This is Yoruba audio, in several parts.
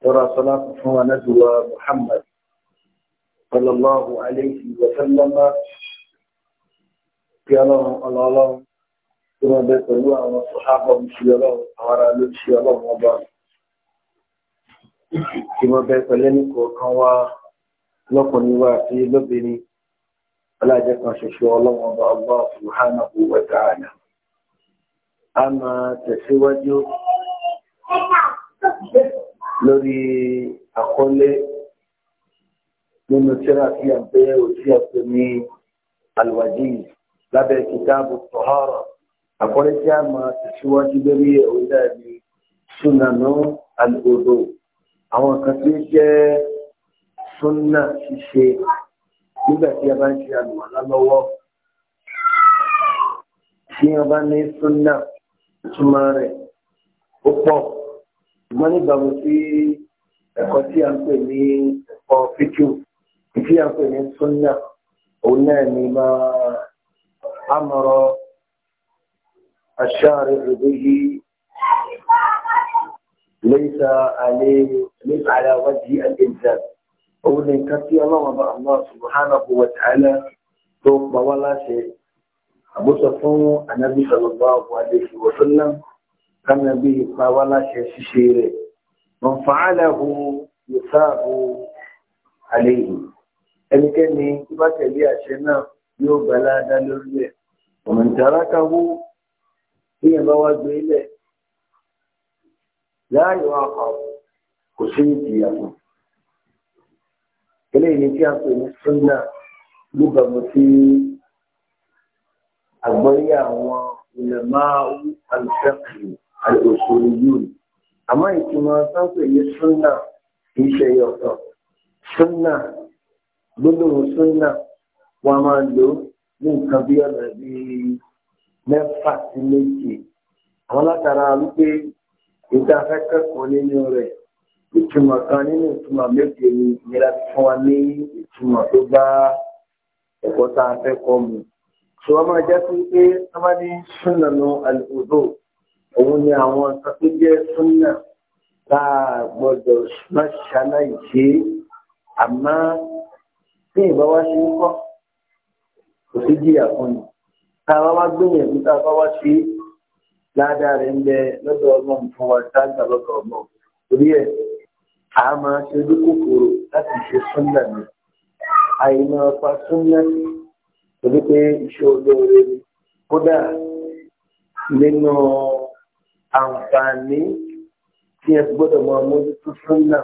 ترى صلاة ونزوى محمد صلى الله عليه وسلم في الله الله ثم بيقولوا عن الصحابة مشي الله وعلى لبشي الله وبعض ثم بيقولوا لك وكان لكم وفي لبني ولا جكا ششو الله وبعض الله سبحانه وتعالى أما تسوى جو lórí àkọlé nínú tíra tí a pé òsì àpè ní alwajiz lábẹ́ kìtàbù tọ́hárà àkọlé tí a máa tẹ̀síwájú lórí ẹ̀wọ́dà ní súnànú alòdò àwọn kan tí ó jẹ́ súnà ṣíṣe nígbà tí a bá ń ṣe àlùwàlá lọ́wọ́ tí a bá ní súnà ìtumọ̀ rẹ̀ ó pọ̀ ṣùgbọ́n nígbàgbọ́ sí ẹ̀kọ́ tí a ń pè ní ẹ̀kọ́ fíkú tí a ń pè ní súnà òun náà ni máa amọ̀rọ̀ aṣáàrẹ̀ òde yìí lẹ́yìnsá alẹ́ lẹ́yìnsá alẹ́ wájú àgbẹ̀ǹdà òun ni nǹkan tí ọlọ́run bá Allah subhanahu wa tó pa wá láṣẹ àbúsọ fún anábì sallallahu alaihi wa sallam kánà bí ipa wá láṣẹ ṣíṣe rẹ̀ mọ̀ fàálàhù yòsáàbù àlèyìn ẹnikẹ́ni tó bá tẹ̀lé àṣẹ náà yóò gbà láadá lórí ẹ̀ ọ̀mọ̀ntàrákàwó èèyàn bá wá gbé ilẹ̀ láàyò àpá kò sí ìjìyà eléyìí ni tí a pè ní sunna níbàmù sí àgbọ́yé àwọn ìlẹ̀máà alùpẹ́kì al-usuliyun àmọ́ ìtumọ̀ sáńpẹ̀ yìí súnà kì í ṣe ọ̀tọ̀ súnà gbólóhùn súnà wọn a máa lò ní nǹkan bí ọ̀nà bíi mẹ́fà sí méje àwọn látara wípé ìta fẹ́ nínú rẹ̀ ìtumọ̀ kan nínú ìtumọ̀ méje ni ìnira fún wa ní ìtumọ̀ tó bá ẹ̀kọ́ tá a fẹ́ kọ́ mu. sọ ma jẹ́ pé wọ́n bá ní súnà nu al-wudu òun ni àwọn nǹkan tó jẹ́ súnà tá a gbọ́dọ̀ má ṣaláì ṣe àmọ́ tí ìbá wá ṣe ń kọ́ kò sí jìyà fún ni tá a bá wá gbìyànjú tá a bá wá ṣe ládàá rẹ̀ ń bẹ lọ́dọ̀ ọlọ́run fún wa sáàgbà lọ́dọ̀ ọlọ́run torí ẹ̀ a máa ṣe ojú kòkòrò láti ṣe súnà mi àìmọ̀ ọ̀pá súnà torí pé iṣẹ́ olóore kódà nínú àǹfààní tí ẹ gbọ́dọ̀ máa mójútó súnà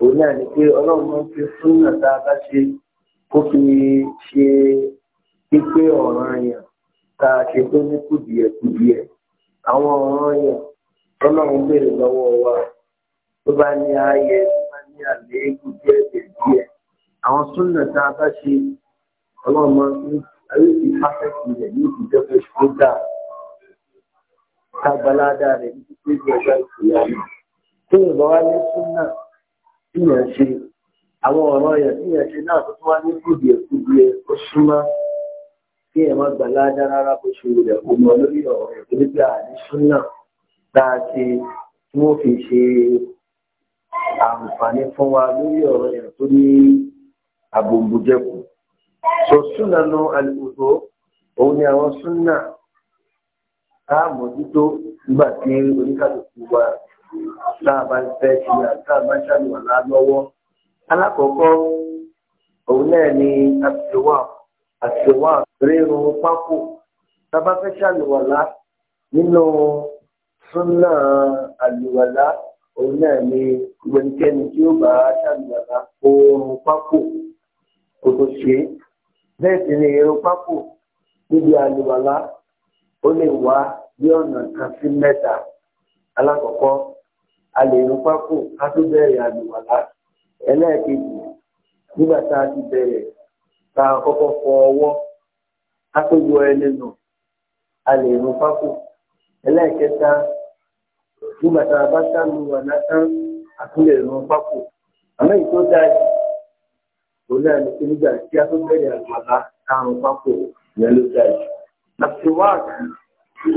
òun náà ni pé ọlọ́run máa ń fi súnà tá a bá ṣe kó fi ṣe pípé ọ̀ràn yẹn tá a ṣe tó ní kùdìẹ̀kùdìẹ̀ àwọn ọ̀ràn yẹn ọlọ́run béèrè lọ́wọ́ wa tó bá ní ààyè tó bá ní àléébù díẹ̀ díẹ̀ àwọn súnà tá a bá ṣe ọlọ́run máa ń fi àríwí pàtàkì rẹ̀ ní ìdíjẹ́ kó dáa kábaládà rẹ̀ ní títí ọjọ́ ìyàwó tó ìbọn wá ní súnà tíyàn ṣe àwọn ọ̀rọ̀ yẹn tíyàn ṣe náà tó tún wá ní kùdìẹ̀kùdìẹ̀ ó súnmọ́ kí ẹ má gbà ládá rárá bó ṣe rẹ̀ kó mọ lórí ọ̀rọ̀ ìpínlẹ̀ bí àní súnà dáa ti tí wọ́n fi ṣe àǹfààní fún wa lórí ọ̀rọ̀ yẹn tó ní àbòǹbòjẹkù. sọ súnà nu àlùkò òun ni àwọn súnà tá a mójútó nígbà tí oníkàlùkù wa tá a bá fẹ́ ṣe àti tá a bá ṣàlùwà lọ́wọ́. alákọ̀ọ́kọ́ òun náà ni àṣewà àṣewà rírun pákó tá a bá fẹ́ ṣàlùwàlá nínú súnà àlùwàlá òun náà ni gbẹnikẹ́ni tí ó bá ṣàlùwàlá oorun pákó kò tó ṣe é bẹ́ẹ̀ sì ni irun pákó níbi àlùwàlá. ó lè wá bí ọ̀nà kan sí mẹ́ta alákọ̀ọ́kọ́ a lè rún pákó ká tó bẹ̀rẹ̀ ẹlẹ́ẹ̀kejì nígbà tá a ti bẹ̀rẹ̀ tá kọ́kọ́ fọ ọwọ́ ká tó yọ a lè rún pákó ẹlẹ́ẹ̀kẹta nígbà tá a bá sánú wà látán a tún lè rún pákó àmọ́ èyí àtiwáàkì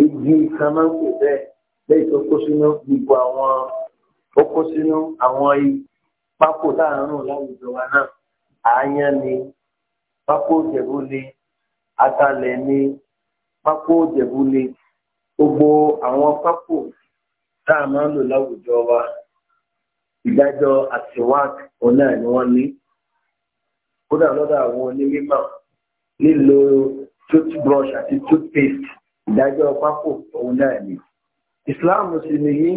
igi ìsàmánkò bẹ́ẹ̀ lẹ́yìn tó kó sínú gbogbo àwọn ó kó sínú àwọn pákó láàárín láwùjọ wa náà àáyán ni pákó òjẹ̀bú ni atalẹ̀ ni pákó òjẹ̀bú ni gbogbo àwọn pákó tá a máa ń lò láwùjọ wa ìdájọ́ àtiwáàkì òun náà ni wọ́n ní kódà lọ́dọ̀ àwọn onímọ̀ lílo toothbrush àti toothpaste ìdájọ́ pákó òun náà ni Islam sì nìyí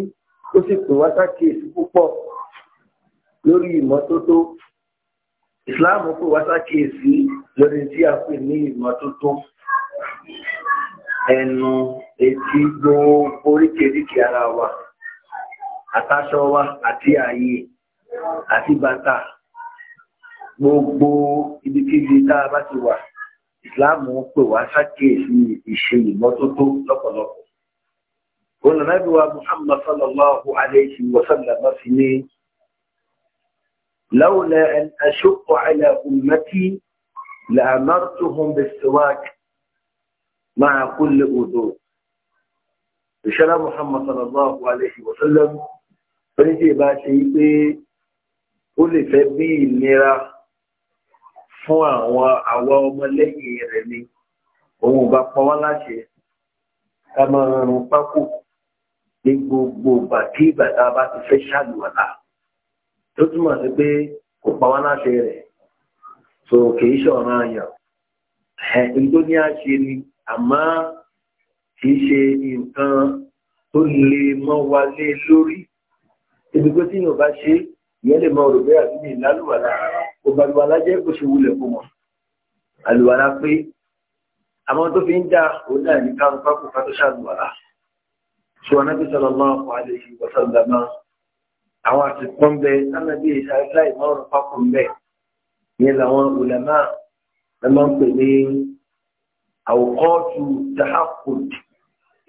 ó sì pè wá sákèésí púpọ̀ lórí ìmọ́tótó Islam pè wá sákèésí lórí tí a pè ní ìmọ́tótó ẹnu etí gbogbo oríkèéríkèé ara wa àtàṣọ wa àti ààyè àti bàtà gbogbo ibikíbi tá a bá ti wà ìsìláàmù ń pè wá sákèésí ìṣe ìmọ́tótó lọ́pọ̀lọpọ̀. olùnábì wa muhammad sallallahu alayhi wa sallam fi ní lawla an ashqa ala ummati la amartuhum bis-siwak ma'a kulli wudu. ìṣẹ́lá muhammad sallallahu alayhi wa sallam fẹ́ẹ́ tí ì bá ṣe yí pé ó lè fẹ́ bí ìnira fún àwọn àwa ọmọlẹ́yìn rẹ̀ ni òun bá pa wá láṣẹ ká máa rún pákó ní gbogbo ìgbà kí ìgbà tá a bá ti fẹ́ ṣàlùwàlà tó túmọ̀ sí pé kò pa wá láṣẹ rẹ̀ so kìí ṣọ̀ràn àyàn ẹ̀ẹ́dì tó ní àṣẹ ni àmọ́ kìí ṣe nǹkan tó lè mọ́ wa lé lórí ibi pé tí yóò bá ṣe ìyẹn lè mọ òròbẹ́ àbí ìlálùwàlà rẹ̀ kò àlùwàlá jẹ́ kò ṣe wulẹ̀ fún wọn àlùwàlá pé àmọ́ tó fi ń dá òun náà ní kárùn pápò ká tó ṣàlùwàlá ṣùgbọ́n náà bí sallallahu alaihi wa sallam àwọn àtìpọ́ ń bẹ lánàá bí ìṣàlá ìmọ̀ràn pápò ń bẹ ìyẹn làwọn ulama ẹ máa ń pè ní àwòkọ́ọ̀tù tahakkud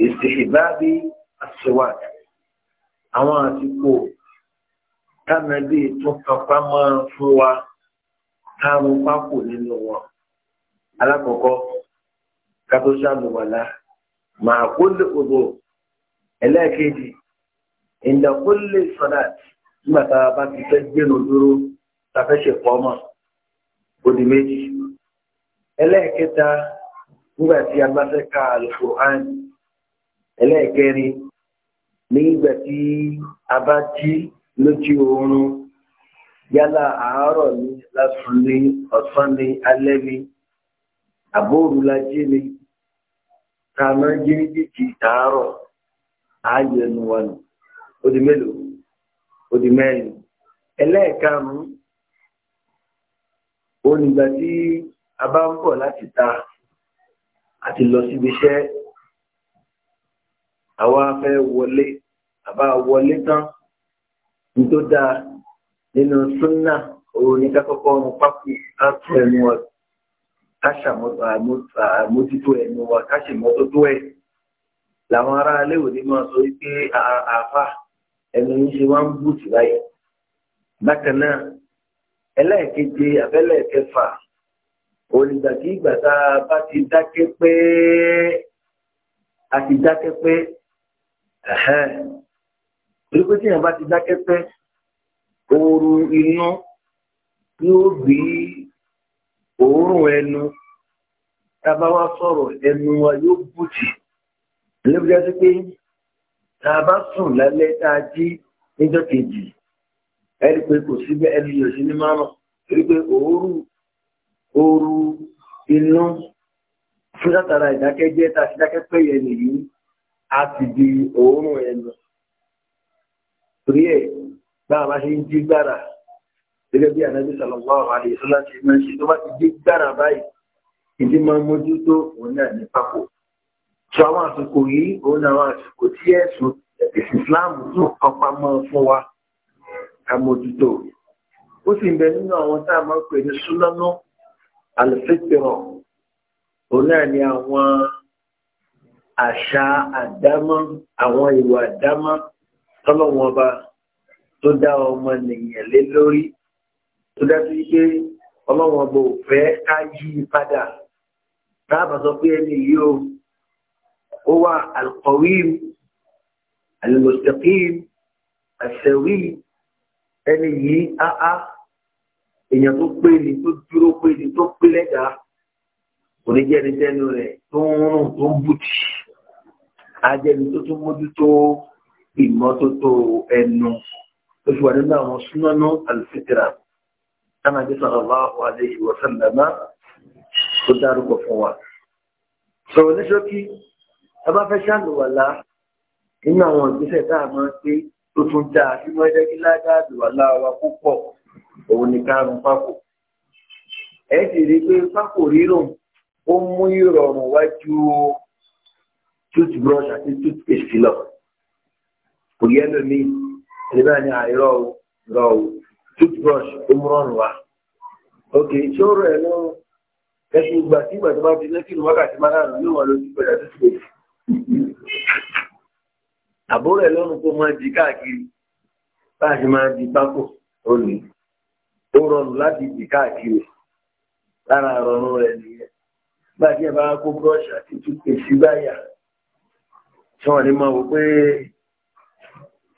ìsìnbábí àṣewàd àwọn àtìpọ̀ tánàbí tó kápá máa fún wa àrùn pákó nínú wọn alákọ̀ọ́kọ́ kátó ṣàlùwàlá màá kó lè odò ẹlẹ́ẹ̀kejì ìdàkó lè sọ̀dà nígbà tá a bá ti fẹ́ gbénu dúró tá a fẹ́ ṣe pọ́ mọ́ odi méjì ẹlẹ́ẹ̀kẹta nígbà tí a bá fẹ́ ka alukur'an ẹlẹ́ẹ̀kẹrin nígbà tí a bá jí lójú oorun yálà àárọ̀ ni lásán ni ọ̀sán ni alẹ́ ni àbóòrù la jí ni ká máa jí ní jìjì tààrọ̀ ààyè ẹnu wa nù ó di mélòó ó di mẹ́rin ẹlẹ́ẹ̀karùn-ún onígbà tí a bá ń bọ̀ láti ta àti lọ síbi iṣẹ́ àwa fẹ́ wọlé àbá wọlé tán ní tó dáa nínú súnà òun ní kákọ́kọ́ ọmọ pápú átú ẹnu wa káṣàmójútó ẹnu wa káṣàmótótó ẹ̀ làwọn ará alẹ́ òní máa sọ wípé àáfà ẹnu yìí ṣe wá ń bù sí báyìí bákan náà ẹlẹ́ẹ̀keje abẹ́lẹ́ẹ̀kẹfà onígbàtí ìgbà tá a bá ti dákẹ́ pé a ti dákẹ́ pé torí pé tí èèyàn bá ti dákẹ́ pé ooru inú tí ó bí òórùn ẹnu tábá wá sọ̀rọ̀ ẹnu wa yóò bùtì lébùjá sí pé tá sùn lálẹ́ tá a jí níjọ́ kejì ẹ̀rí pé kò síbẹ̀ ẹni yóò sí ní márùn rí pé òórù ooru inú fún látara ìdákẹ́jẹ́ tá a ti dákẹ́ pé yẹn nìyí a ti di òórùn ẹnu torí ẹ̀ báwa bá ṣe ń jí gbára gẹ́gẹ́ bí ànábì sallallahu alaihi wasallam ṣe máa ń ṣe tó bá ti jí gbára báyìí ìdí máa ń mójútó òun náà ní pápò sọ àwọn àsìkò yìí òun náà àwọn àsìkò tí ẹ̀sùn ó sì ń bẹ nínú àwọn tá pè ní súnánú àlùfẹ́tìrọ̀ òun náà ni àwọn àṣà àdámọ́ àwọn ìwà àdámọ́ tọ́lọ́wọ́n ọba tó dá ọmọ nìyàn lé lórí tó dájú wípé ọlọ́run ọgbọ òfẹ́ ká yí padà táàbà sọ pé ẹni yìí o ó wà alqawim almustaqim àṣẹwí ẹni yìí áá èèyàn tó pé ni tó dúró pé ni tó pé lẹ́gàá oníjẹni tẹnu rẹ̀ tó ń rùn tó ń bùtì ajẹni tó tún mójútó ìmọ́tótó ẹnu oṣù wà nínú àwọn súnmọ́nú alfitra tánà jẹ́ sallallahu alaihi wa sallama tó dárúkọ fún wa sọ̀rọ̀ ní ṣókí a bá fẹ́ ṣàlùwàlá nínú àwọn ìgbésẹ̀ tá a máa ń gbé tó tún dá a fífọ́ jẹ́ kí lágbàdo púpọ̀ òun ni kárùn pákó ẹ sì rí pé pákó rírùn ó mú ìrọ̀rùn wájú toothbrush àti toothpaste lọ kò yẹ lómi ẹni bẹ́ẹ̀ ni àìrọ̀ o rọ̀ o toothbrush ó mú rọrùn wa ok ṣé ó rọ̀ ẹ̀ lọ́rùn ẹ̀sùn ìgbà tí ìgbà tó bá di lẹ́kìlú wákàtí máa rà lóyún wọn ló ti pẹ̀lú àti pé àbúrò ẹ̀ lọ́rùn kó máa di káàkiri bá a ṣe máa di pákó ó ní ó rọrùn láti di káàkiri lára rọrùn rẹ̀ nìyẹn bá a ṣe bá kó brush àti toothpaste báyà tí wọ́n ní máa wò pé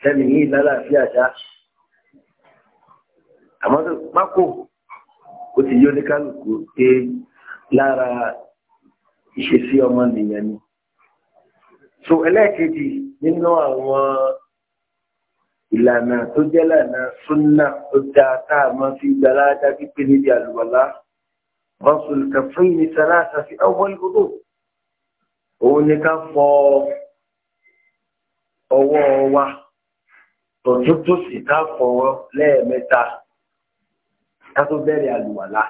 tẹ́lẹ̀ yìí lálàáfíà ṣá àmọ́ tó pákó ó ti yí oníkálukú pé lára ìṣesí ọmọ nìyẹn ni so ẹlẹ́ẹ̀kejì nínú àwọn ìlànà tó jẹ́ lànà súnà tó dáa tá a máa fi gba aláàdá pípé níbi àlùwàlá wọ́n sọ lùkà fún ìnisàlá àtàfi ọwọ́ ìgbòdò òun ni ká fọ ọwọ́ wa tọ̀tún tó sì ká fọwọ́ lẹ́ẹ̀mẹ́ta ká tó bẹ̀rẹ̀ àlùwàlá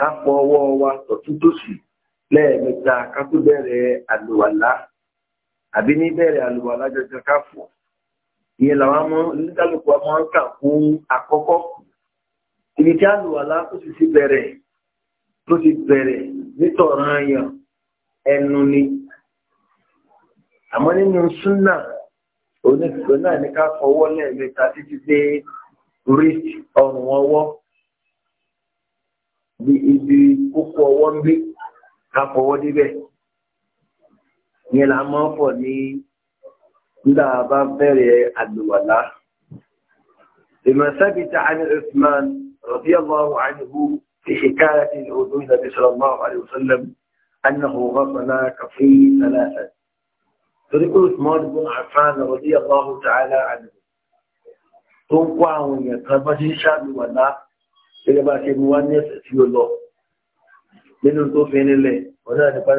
ká fọwọ́ wa tọ̀tún tó sì lẹ́ẹ̀mẹ́ta ká tó bẹ̀rẹ̀ àlùwàlá àbí ní bẹ̀rẹ̀ àlùwàlá jọjọ ká fọ̀ ìyẹn làwọn mọ oníkálukú wa máa ń kà fún àkọ́kọ́ ibi tí àlùwàlá tó sì ti bẹ̀rẹ̀ tó ti bẹ̀rẹ̀ nítorán yàn ẹnu ni àmọ́ nínú súnà oníṣòro náà ní ká fọwọ́ lẹ́ẹ̀mẹ́ta títí dé wrist ọrùn ọwọ́ bí ibi kókó ọwọ́ ń gbé ká fọwọ́ débẹ̀ yẹn la máa ń fọ̀ ní nígbà bá bẹ̀rẹ̀ àlùwàlá. لما ثبت عن عثمان رضي الله عنه في حكاية الأذن النبي صلى الله عليه وسلم أنه غسل كفيه ثلاثة torí pé Usman ibn Affan radiyallahu ta'ala anhu tó ń kó àwọn èèyàn kan bá ṣe ń ṣàlùwàlá gẹ́gẹ́ bá ṣe mú wá ní ẹ̀sẹ̀ tí ó lọ nínú tó fi nílẹ̀ wọn náà nípa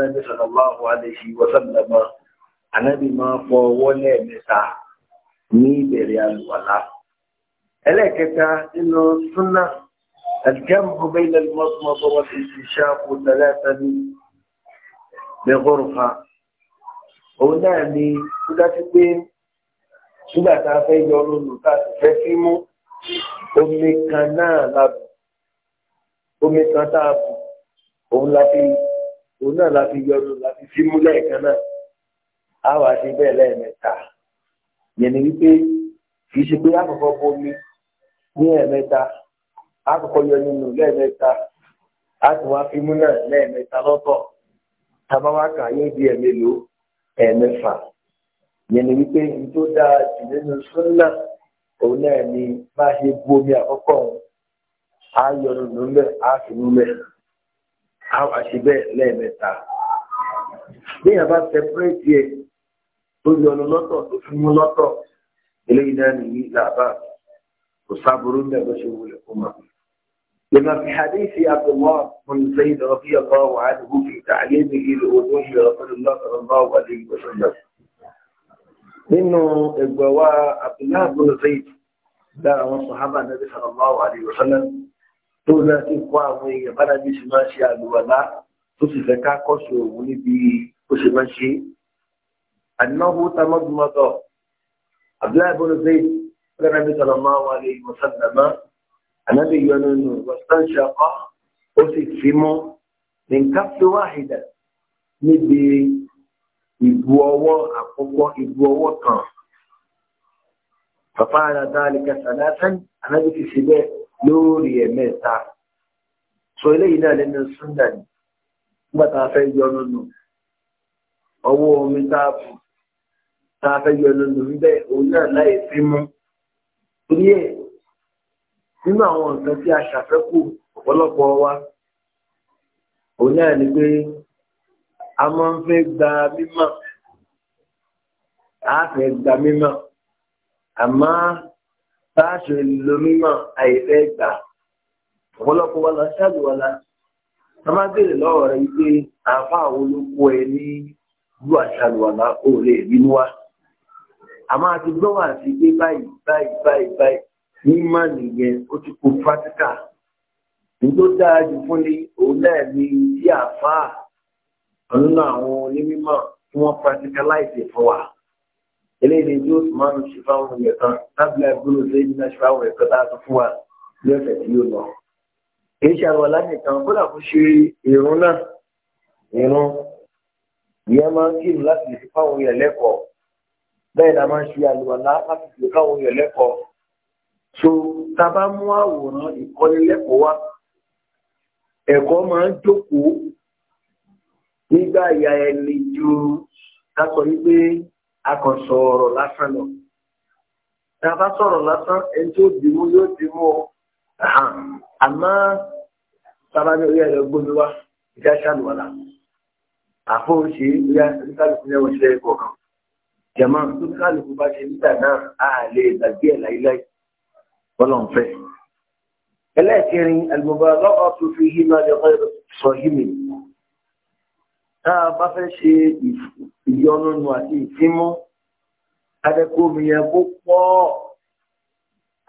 náà ní الجمع بين المضمضة والاستنشاق ثلاثا بغرفة òun náà ni ó dájú pé nígbà tá a fẹ́ yọ lónìí tá a sì fẹ́ sí mú omi kan náà la bù omi kan tá a bù òun la òun náà la yọ lónìí la fi mú lẹ́ẹ̀kan náà á wà sí bẹ́ẹ̀ lẹ́ẹ̀mẹ́ta yẹn ni wípé kì í ṣe pé àkọ́kọ́ bomi ní ẹ̀ẹ̀mẹ́ta àkọ́kọ́ yọ nínú lẹ́ẹ̀mẹ́ta a sì wá fi mú náà lẹ́ẹ̀mẹ́ta lọ́tọ̀ tàbá wá kà yóò di ẹ̀mẹ́lòó. ẹ̀ẹ̀mẹ́fà yẹn ni wípé ní tó dáa jù nínú súnlá òun náà ni bá ṣe bu omi àkọ́kọ́ òun á yọnu lulẹ̀ á fi lulẹ̀ á wà ṣe bẹ́ẹ̀ lẹ́ẹ̀mẹ́ta bíyàn bá sẹpẹ́rẹ́tì tó lọ́tọ̀ tó fi mú lọ́tọ̀ eléyìí náà nìyí làbá kò sábúrú لما في حديث عبد الله بن زيد رضي الله عنه في تعليمه لوجوه رسول الله صلى الله عليه وسلم منه الجواء عبد الله بن زيد لا والصحابة النبي صلى الله عليه وسلم تولى تقوى ويبنى بسماشي على الولاء تصفكا قصر ونبي قسماشي أنه تمضمض عبد الله بن زيد النبي صلى الله عليه وسلم ànábì yọnu nù wọ́sánṣẹ́kọ́ ó sì fi mọ́ nǹkan fi wáhìdà níbi ìbu ọwọ́ àkọ́kọ́ ìbu ọwọ́ kan bàbá àdáàlìkà sàlátàn ànábì ti ṣe bẹ́ẹ̀ lórí ẹ̀mẹ́ta sọ eléyìí náà lẹ́nu súndà ní nígbà tá a fẹ́ yọnu nù ọwọ́ omi tá a bù tá a fẹ́ yọnu nù ń òun náà láì fi mú torí ẹ̀ nínú àwọn nǹkan tí a ṣàfẹ́kù ọ̀pọ̀lọpọ̀ wa òun náà ni pé a máa ń fẹ́ gba mímọ̀ a fẹ́ gba mímọ̀ àmọ́ bá a ṣe lo mímọ̀ àìfẹ́ gbà ọ̀pọ̀lọpọ̀ wa la ṣàlùwàlà a máa béèrè lọ́wọ́ rẹ̀ wípé àfa àwọn olóko ẹ ní ìlú àṣàlùwàlà òòlè ìbínú wa àmọ́ a ti gbọ́ wà sí pé báyìí báyìí báyìí báyìí ní má nìyẹn ó ti kó pátíkà nígbó dáa jù fún ni òun náà ní tí àfáà ọ̀nà àwọn onímọ̀ tí wọ́n pátíkáláìsì fún wa eléyìí tí ó sì máa ń ṣe fáwọn ènìyàn kan tábìlì àgbélò sẹ́yìn náà ṣe fáwọn ẹ̀kọ́ tá a tún fún wa ní ọ̀sẹ̀ tí yóò lọ. èyí ṣe àwọn aláǹdì kan kódà kó ṣe irun náà irun ìyẹn máa ń kírun láti lè fi fáwọn èèyàn lẹ́kọ̀ọ́ bẹ́ẹ̀ la máa ń ṣe àlùwàlá láti lè fáwọn èèyàn lẹ́kọ̀ọ́ so tá bá mú àwòrán ìkọ́nilẹ́kọ̀ọ́ wá ẹ̀kọ́ máa ń jókòó nígbà ìyá ẹni ju ká sọ wípé a kàn sọ ọ̀rọ̀ lásán lọ tá a bá sọ̀rọ̀ lásán ẹni tí ó dìmú yóò dìmú ọ àmọ́ sábà ní orí ẹ̀rọ gbómi wá ìjà ṣàlùwàlà àfọwọ́sí ìyá oníkálukú ní ẹ̀wọ̀n sílẹ̀ ẹ̀kọ́ kan jẹ̀mọ́ oníkálukú bá ṣe nígbà náà a lè gbàgbé ẹ̀ láíláí. ولهم فهم لكن المبالغة فيهما لغير صاهم فبفش يون واتي فيمو هذا كومي يبقى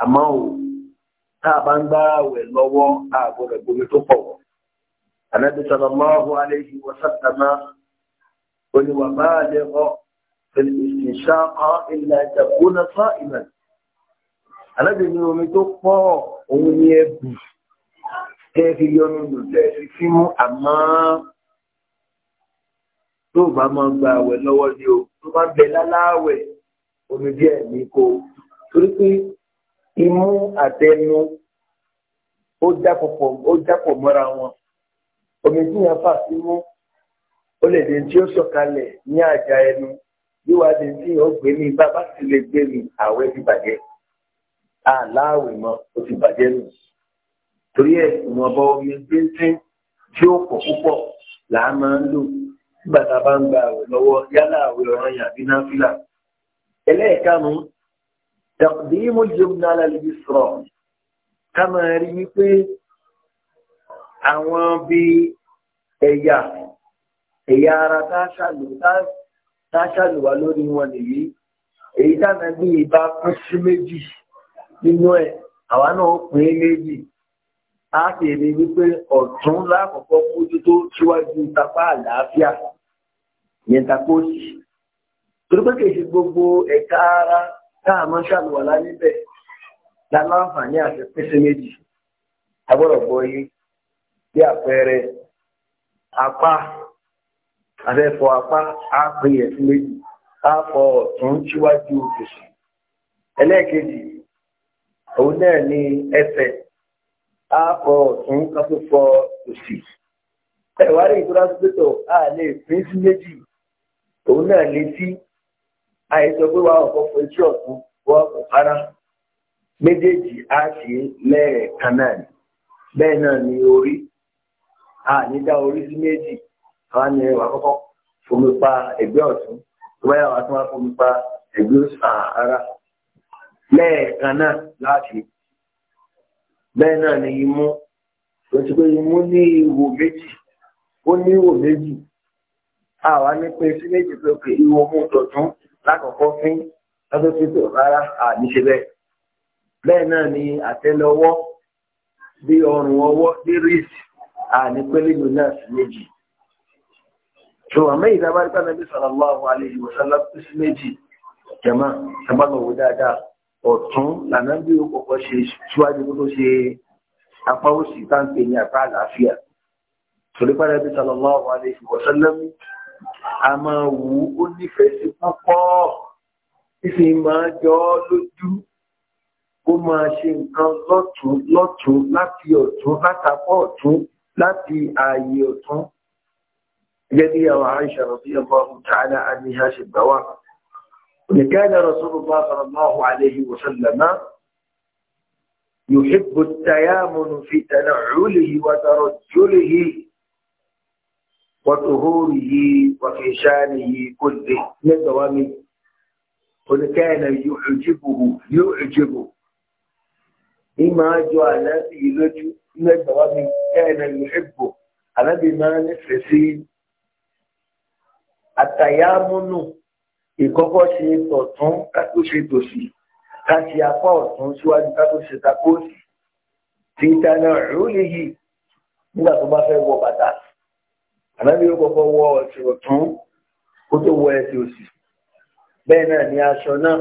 أماو تابانبا ولوو أقول أقول تقوى النبي صلى الله عليه وسلم قل وبالغ في الاستنشاق إلا تكون صائما alábì ní omi tó pọ̀ òun ni ẹ bù tẹ́ fi yọnu lò tẹ́ fi símú àmọ́ tó bá máa gba àwẹ̀ lọ́wọ́ ni o tó bá bẹ láláwẹ̀ omi díẹ̀ ní kó torí pé imú àtẹnu ó jápọ̀ mọ́ra wọn omi tí yẹn fà símú ó lè dé tí ó sọ̀kalẹ̀ ní àjà ẹnu yóò wá dé tí ó gbé mi bá bá sì lè gbé mi àwẹ̀ bíbàjẹ́ aláàwẹ̀ mọ́ ó ti bàjẹ́ nù torí ẹ̀ ìwọ̀nba omi péńté tí ó pọ̀ púpọ̀ là á máa ń lò nígbà tá a bá ń gba àwẹ̀ lọ́wọ́ yálà àwẹ̀ ọ̀ràn yàbí náfìlà ẹlẹ́ẹ̀kanu taqdimu al-jumla ala al-yusra ká máa rí wípé àwọn bíi ẹ̀yà ẹ̀yà ara tá a ṣàlùwà lórí wọn nìyí èyí tá bí ìbá pín sí méjì nínú ẹ̀ àwa náà pín méjì á sì rí wípé ọ̀tún lákọ̀ọ́kọ́ mójútó síwájú tapá àlàáfíà yẹn tapó sí torí pé kìí ṣe gbogbo ẹ̀ka ara táàmọ́ ṣàlùwàlá níbẹ̀ láláǹfààní àti pínṣẹ́ méjì agbọ́dọ̀ gbọ́ yé bí àpẹẹrẹ apá afẹ́fọ́ apá á pín ẹ̀sìn méjì á fọ ọ̀tún síwájú òkèṣì ẹlẹ́ẹ̀kejì òun náà ni ẹsẹ̀ àpọ̀ ọ̀tún kápẹ́pọ̀ òsì ẹ̀wárí ìtura sípẹ́tọ̀ a lè pín sí méjì òun náà pé wàá fún fara méjèèjì á ṣe náà a ní dá orí sí méjì àwọn ni wàá kọ́kọ́ fomi pa ẹgbẹ́ ọ̀tún tó yà tún ara. lẹ́ẹ̀kan náà láti bẹ́ẹ̀ náà ni imú tó ti pé imú ní ihò méjì ó ní ihò méjì àwa ní pé sí méjì pé òkè ihò mú tọ̀tún lákọ̀ọ́kọ́ fín lọ́dún tí tò rárá àníṣe bẹ́ẹ̀ bẹ́ẹ̀ náà ni àtẹ́lẹwọ́ bí ọrùn ọwọ́ bí rísì ànípẹ́lẹ́lú náà sí méjì tó àmọ́ ìdábárí pàtàkì sallallahu alaihi wasallam sí méjì jẹ̀mọ́ sábàlọ́wọ́ dáadáa ọ̀tún lànà bí ó kọ́kọ́ ṣe síwájú kó tó ṣe apá òsì táǹpé ní apá àlàáfíà torí pàdé bí sallallahu alaihi wa sallam a máa wù ú ó nífẹ̀ẹ́ sí púpọ̀ ìsìn máa jọ ọ́ lójú kó máa ṣe nǹkan lọ́tún lọ́tún láti ọ̀tún látàpọ̀ ọ̀tún láti ààyè ọ̀tún gẹ́gẹ́ bí àwọn Aisha radiyallahu ta'ala anha ṣe gbà wà. كان رسول الله صلى الله عليه وسلم يحب التيامن في تنعله وترجله وطهوره وفي شانه كله لدوامه ولكان يعجبه يعجبه إما جاء الذي لجو لدوامه كان يحبه الذي ما نفسه التيامن ìkọ́kọ́ ṣe tọ̀tún ká tó ṣe tòsí ká ṣe apá ọ̀tún síwájú ká tó ṣe takóòsì tí ìtànà ìrúlé yìí nígbà tó bá fẹ́ wọ bàtà ànábì ó kọ́kọ́ wọ ẹsẹ̀ ọ̀tún kó tó wọ ẹsẹ̀ òsì bẹ́ẹ̀ náà ni aṣọ náà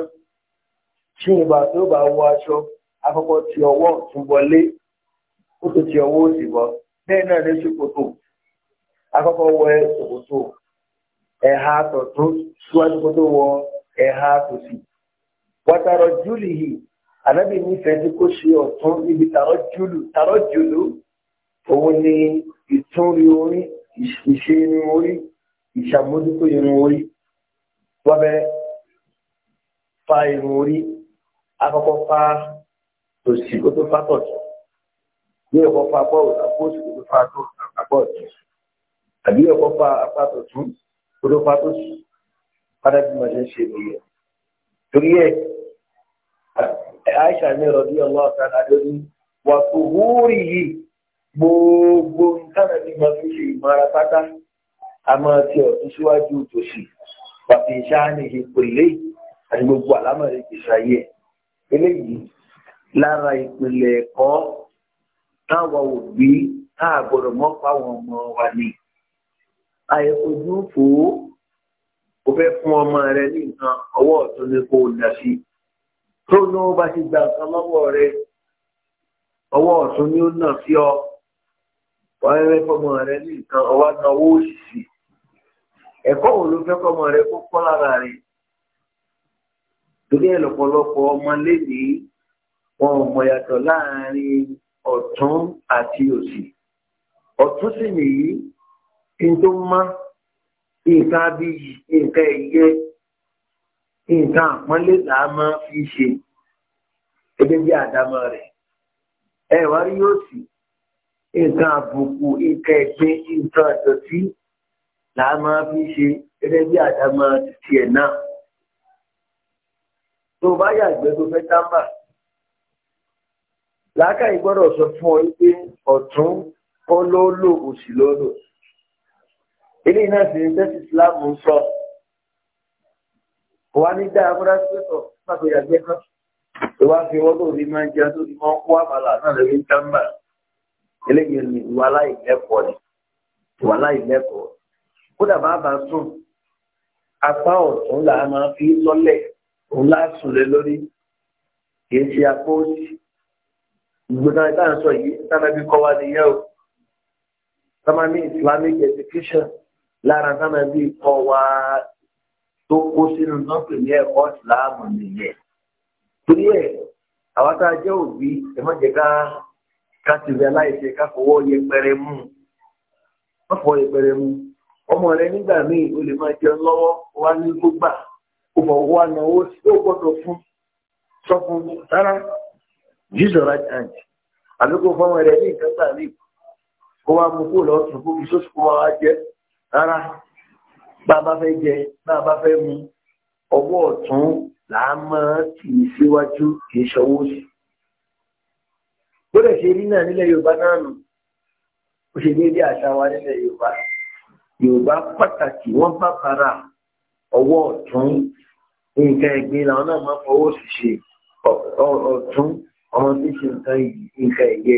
tí ìbá tó bá wọ aṣọ akọ́kọ́ ti ọwọ́ ọ̀tún wọlé kó tó ti ọwọ́ òsì bọ́ bẹ́ẹ̀ náà ní ṣòkòtò akọ́kọ́ wọ ẹ ṣòkòtò ẹ̀ha tọ̀tún síwájú kó tó wọ ẹ̀ha tòsì. wàtàrọ̀ júlù yìí ànábì nífẹ̀ẹ́ tí kò ṣe ọ̀tún níbi tàrọ̀ júlù tàrọ̀ júlù òun ni ìtúnrí orí ìṣe irun orí ìṣàmójútó irun orí wọ́n bẹ fa irun orí akọ́kọ́ fa tòsì kó tó fa tọ̀tún ní ẹ̀kọ́ fa bọ́ọ̀lù àpò òsì kó tó fa tó àpò ọ̀tún àbí ẹ̀kọ́ fa apá tọ̀tún kó ló pa tó sùn padà bí mo ṣe ń ṣe nìyẹn torí ẹ àìsàn ní ìrọ̀lẹ́ ọlọ́ ọ̀sán adóní wà tó wúrí yìí gbogbo lama àti ìmọ̀ Ini, ṣe ìmọ̀ra pátá a tahu ti ọ̀tún síwájú tòṣì àìfojú fò ó o fẹ́ fún ọmọ rẹ ní nǹkan ọwọ́ ọ̀tún ni kò dà sí tó ní ó bá ti gba nǹkan lọ́wọ́ rẹ ọwọ́ ọ̀tún ni ó nà sí ọ wọ́n fẹ́ fọmọ rẹ ní nǹkan ọwọ́ náwó òṣìṣì ẹ̀kọ́ wo ló fẹ́ fọmọ rẹ kó kọ́ lára rẹ torí ẹ̀ lọ́pọ̀lọpọ̀ ọmọ lénìí wọn ò mọ̀ yàtọ̀ láàrin ọ̀tún àti òsì ọ̀tún sì nìyí tó má nǹkan abiyì nǹkan ẹ̀yẹ nǹkan àpọ́nlé là á máa fi ṣe gẹ́gẹ́ bí àdámọ́ rẹ̀ ẹ wá rí yóò sì nǹkan àbùkù nǹkan ẹ̀gbin nǹkan àdọ̀tí là á máa fi ṣe gẹ́gẹ́ bí àdámọ́ tiẹ̀ náà tó bá yàgbẹ́ tó fẹ́ tábà làákàyè gbọ́dọ̀ sọ fún ọ pé ọ̀tún ọlọ́ọ̀lò òsì lọ́lọ́ eléyìí náà sì ń tẹ́sí ìsìláàmù ń sọ wà ní dáa fúrásì pẹ̀tọ̀ pàtó yàgbẹ́ kan tó bá fi wọ́n lórí máa ń jẹun tó ti máa ń kó àbàlà náà lórí ń tán bà eléyìí ni ìwà aláìlẹ́kọ̀ọ́ ni ìwà aláìlẹ́kọ̀ọ́ kódà bá bá sùn apá ọ̀tún là á máa fi lọ́lẹ̀ òun láàsùn lé lórí kì í ṣe apó òsì ìgbóná ìtàn sọ yìí sábẹ́ bí kọ́ wa nìyẹn o sábà ní Islamic education lára sábà bí kọ́ wa tó kó sínú nọ́ọ̀kì ní ẹ̀kọ́ ìsìláàmù nìyẹn torí ẹ̀ àwọn tá a jẹ́ òbí ẹ má jẹ́ ká ká ti rẹ aláìṣe ká fọwọ́ yẹpẹrẹ mú má fọwọ́ yẹpẹrẹ mú ọmọ rẹ nígbà míì o lè máa jẹun lọ́wọ́ wá ní gbogbo ó fọwọ́ wá náwó tí ó gbọ́dọ̀ fún sọ fún mi rárá use your right hand àbí rẹ ní ìkàgbà míì kó wá mú kó lọ́ọ́ tún kó fi sóṣù kó wá wá jẹ́ rárá bá bá fẹ́ jẹ bá bá fẹ́ mu ọwọ́ ọ̀tún là á máa tì í síwájú kì í ṣọwọ́ sí. gbọ́dọ̀ ṣe rí náà nílẹ̀ Yorùbá náà nù ó ṣe déédé àṣà wa nílẹ̀ Yorùbá Yorùbá pàtàkì wọ́n bá bàrà ọwọ́ ọ̀tún nǹkan ẹ̀gbin làwọn náà máa fọwọ́ sí ṣe ọ̀tún ọmọ tí ṣe nǹkan ẹ̀yẹ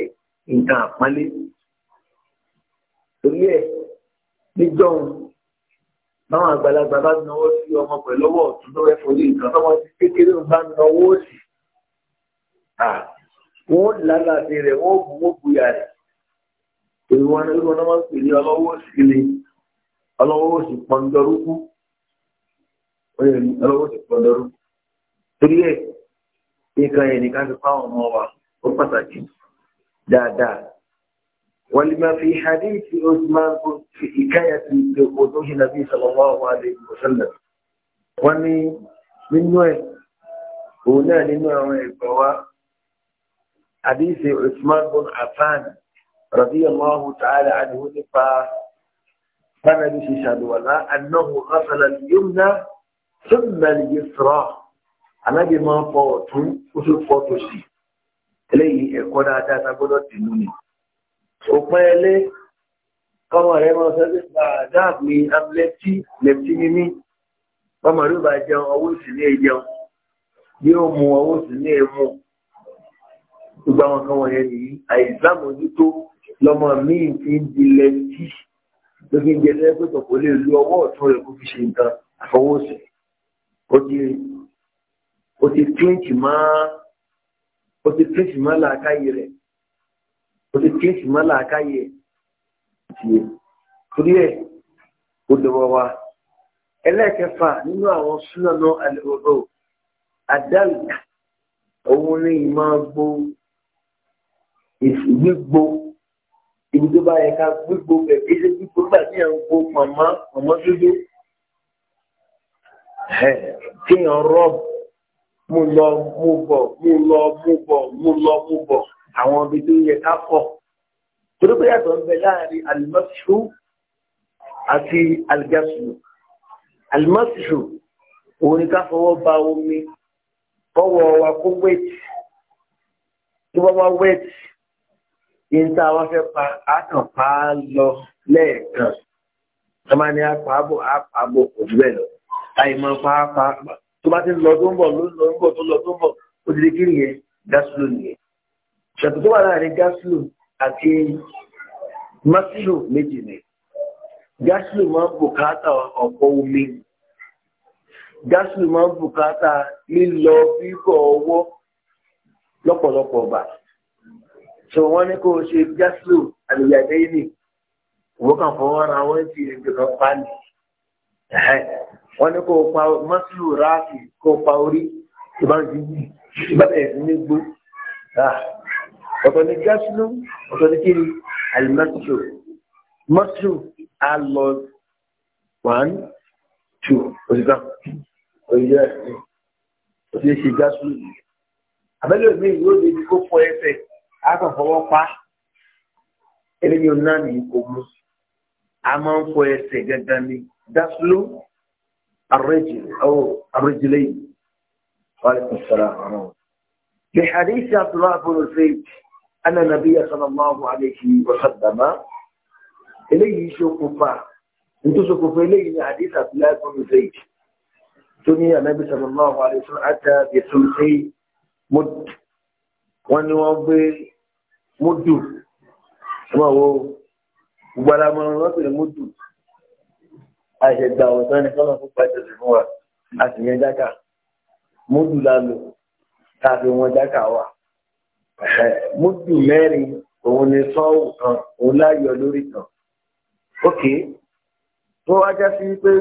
nǹkan àpọ́nlé níjọ́ òun báwọn àgbàlagbà bá náwó sí ọmọ pẹ̀lú ọwọ́ ọ̀tún lọ́wọ́ ẹ̀fọ́ lé nǹkan tọ́wọ́ sí kékeré òun bá náwó sí wọ́n lálàáfíà rẹ̀ wọ́n bù wọ́n bùyà rẹ̀ èyí wọn irú ọ̀nà wọn pè ní ọlọ́wọ́ sí ni ọlọ́wọ́ sì pọ́ndọ́rúkú ọlọ́wọ́ sì pọ́ndọ́rúkú torí ẹ̀ nǹkan ẹ̀ nìkan ti fáwọn ọmọ wa ó pàtàkì dáadáa. ولما في حديث عثمان في حكاية وضوء النبي صلى الله عليه وسلم ومن من نوع هنا لنوع الفواء حديث عثمان بن عفان رضي الله تعالى عنه نفا فنبي شهد ولا أنه غسل اليمنى ثم اليسرى أنا بما فوتون وشو فوتو شيء إليه إقنا داتا بلوت الدنيا òpin ẹlé kọmọ rẹ mọ sọdọ dáàbò mi amlẹtí lẹtí mímí bọmọ rẹ bá jẹun ọwọ́ òsì ní ẹjẹun yóò mu ọwọ́ òsì ní ẹmu gbogbo àwọn kan wọ̀nyẹn nìyí àìsàmójútó lọmọ míì ti ń di lẹtí lókè ń jẹ lẹ́gbẹ̀tọ̀ kò lè lu ọwọ́ ọ̀tún rẹ̀ kó fi ṣe nǹkan àfọwọ́sì ó ti ó ti tíǹtì máa ó ti tíǹtì máa làákàyè rẹ̀ ó ti kí èsì mọ́lá káyè tiẹ̀ torí ẹ̀ ó wa ẹlẹ́ẹ̀kẹfà nínú àwọn súnánà àlẹ́wọ̀dọ̀ àdáàlì òun ni ìmọ̀ gbo gbígbo ibi tó bá yẹ ká gbígbo bẹ̀ kí ṣe gbígbo gbà tí à ń gbo màmá màmá dúdú kí èèyàn rọ́ọ̀bù mú lọ mú bọ̀ mú lọ mú bọ̀ mú lọ mú bọ̀ àwọn ibi tó yẹ ká fọ̀ torí pé yàtọ̀ ń bẹ láàrin alimọ́sù àti aligasù alimọ́sù òun ni ká fọwọ́ ba omi fọwọ́ wa kó wẹ́ẹ̀tì tí wọ́n wá wẹ́ẹ̀tì yìí tá a wá fẹ́ pa àtàn pa á lọ lẹ́ẹ̀kan tó máa ní apá àbò apá àbò kò jù bẹ́ẹ̀ lọ àìmọ̀ pàápàá tó bá ti lọ tó ń bọ̀ ló ń lọ tó ń bọ̀ ó ti di kí nìyẹn dá sí lónìí ṣètò tó wà láàrin gáṣílò àti másílò méjì ni gáṣílò máa ń bùkátà ọ̀pọ̀ omi gáṣílò máa ń bùkátà lílọ bíbọ̀ ọwọ́ lọ́pọ̀lọpọ̀ ọ̀bà ṣe wọ́n ní kó ṣe gáṣílò àlùyàdé yìí nì wọ́n kàn fọwọ́ ra wọ́n ti ẹgbẹ́ kan pa ni wọ́n ní kó o pa másílò ráàfì kó o pa orí ìbá ní gbó ọ̀tọ̀ ni gásílù ọ̀tọ̀ ni kiri alimẹ́tò mọ́tò alọ one two òṣìṣẹ́ òṣìṣẹ́ òṣìṣẹ́ ṣe gásílù abẹ́lẹ̀ mi yóò lè ní kó fọ ẹsẹ̀ á kàn fọwọ́ pa eléyìí ọ̀nà ni kò mú a máa ń fọ ẹsẹ̀ gẹ́gẹ́ ni gásílù àrẹ́jì wàlẹ́kùn sọ̀rọ̀ àwọn. في عبد الله بن الزيد أن النبي صلى الله عليه وسلم إليه شكوفا أنت شكوفا إليه من حديث أبلاد بن زيد تني النبي صلى الله عليه وسلم أتى بثلث مد ونوضي مد ما هو ولا من نوضي مد àṣẹ̀gbà ọ̀sán ni kọ́nà fún pàtàkì fún wa àti yẹn jákà mọ́dù lálò tàbí múdù mẹ́rin òun ni sọ́ọ̀wù kan òun láyọ̀ lórí kan ok tó wá já sí pé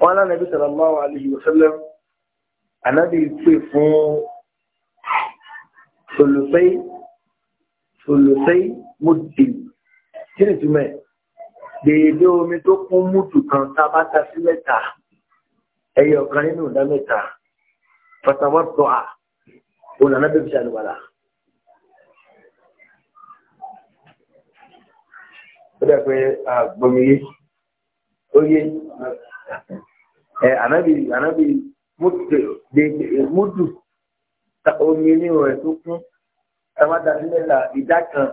wọn lánàbí sallallahu alaihi wasallam ànábì pè fún solùfẹ́ solùfẹ́ múdù kí ni túmẹ̀ gbèdé omi tó kún múdù kan tá ta sí mẹ́ta ẹyọ kan nínú ìdá mẹ́ta fatawọ́tọ̀ à òun ànábì fi ṣàlùwàlà. dà pé àgbọmiyé oyé ẹ ànábì ànábì múdù omi inú rẹ̀ tó kún ẹ má dá sílẹ̀ la ìdá kan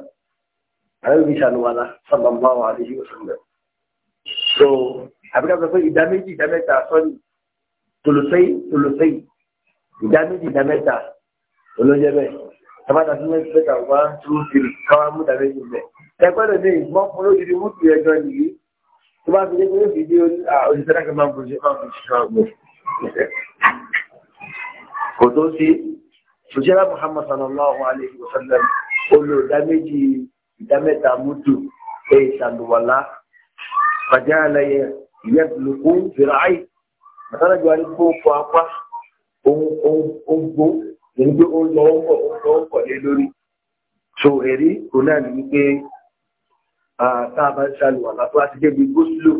ànábì ṣàlùwàlà sábàmbá wà lójú òṣèlú so àbíká sọ pé ìdá méjì ìdá mẹ́ta sọ́ọ̀lì tòlùsẹ́yì tòlùsẹ́yì ìdá méjì ìdá mẹ́ta olóńjẹ bẹ́ẹ̀ ẹ má dá sílẹ̀ mẹ́ta one two three káwá mú ìdá méjì bẹ́ẹ̀ ẹgbẹ́rẹ̀ ní ìgbọ́n fún lójúdí mútù ẹjọ́ nìyí tó bá fi lé pé ó fi dé òṣìṣẹ́ láti máa gbòṣe máa gbòṣe máa gbòṣe kò tó Muhammad sallallahu alayhi wa sallam olóòdá méjì ìdá mẹ́ta mútù ẹ̀ ìṣàlùwàlá pàjá àlàyé ìyá lùkú fèrè àì àtàlájú wa ní kó kọ apá ohun gbó èyí pé ó lọ ó ń lé lórí so èrí kò náà ní pé àtàbà ṣàlùwà látó àti gẹ́gbẹ́ gúúsùlù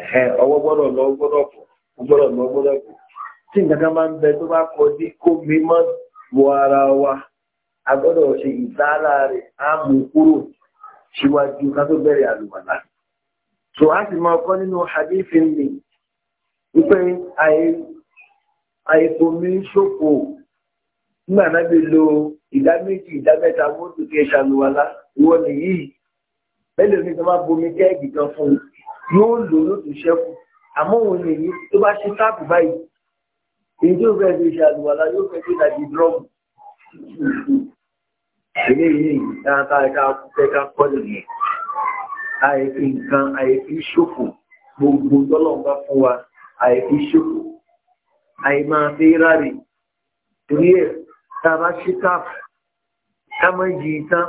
ẹ̀hẹ́ ọwọ́ gbọ́dọ̀ lọ gbọ́dọ̀ pọ̀ gbọ́dọ̀ lọ gbọ́dọ̀ pọ̀ tí nǹkan máa ń bẹ tó bá kọ sí kó mi wọ ara wa a gbọ́dọ̀ ṣe ìzára rẹ̀ á mú kúrò síwájú ká tó bẹ̀rẹ̀ àlùwàlá so a sì máa kọ́ nínú hadithin ni wípé àìfomi ṣòfò nígbà náà bí lo ìdá méjì ìdá mẹ́ta mọ́tò kí ẹ ṣàlùwàlá wọ́n nìyí bẹ́ẹ̀ ni tó bá bomi kẹ́ẹ̀gì kan fún un yóò lò yóò tún ṣẹ́kù àmọ́ òun nìyí tó bá ṣe táàpù báyìí èyí tó fẹ́ fi ṣàlùwàlá yóò fẹ́ fi dàbí drọ́ọ̀mù. eléyìí dáadáa ká fẹ́ ká kọ́ nìyẹn àìfi nǹkan àìfi ṣòfò gbogbo tọ́lọ́n bá fún wa àìfi ṣòfò àìmọ̀ fi ráre torí ẹ̀ tá a bá ṣe táàpù ká mọ̀ yìí tán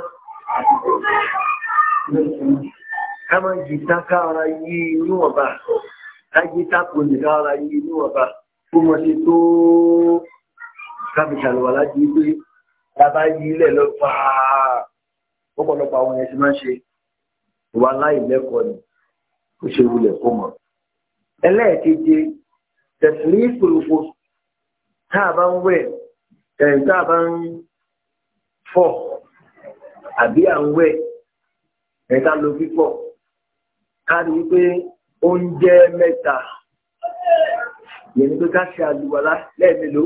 ká máa jìtá ká ara yí níwọ̀nba ká jìtá kò ní ká ara yí níwọ̀nba kó mọ sí tó kábíkàlùwà láti wípé lábá yí ilẹ̀ lọ fàá ọ̀pọ̀lọpọ̀ àwọn yẹn ti máa ń ṣe wà láì lẹ́kọ̀ọ́ ni kò ṣe wulẹ̀ kó mọ̀ ẹlẹ́ẹ̀keje tẹ̀sílẹ̀ ìpòlòpò tá bá ń wẹ̀ tá a bá ń fọ̀ àbí à ń wẹ̀ ẹ̀ka lo pípọ̀ kárí wípé oúnjẹ mẹ́ta yẹn ni pé ká ṣe àlùwàlá lẹ́ẹ̀mélòó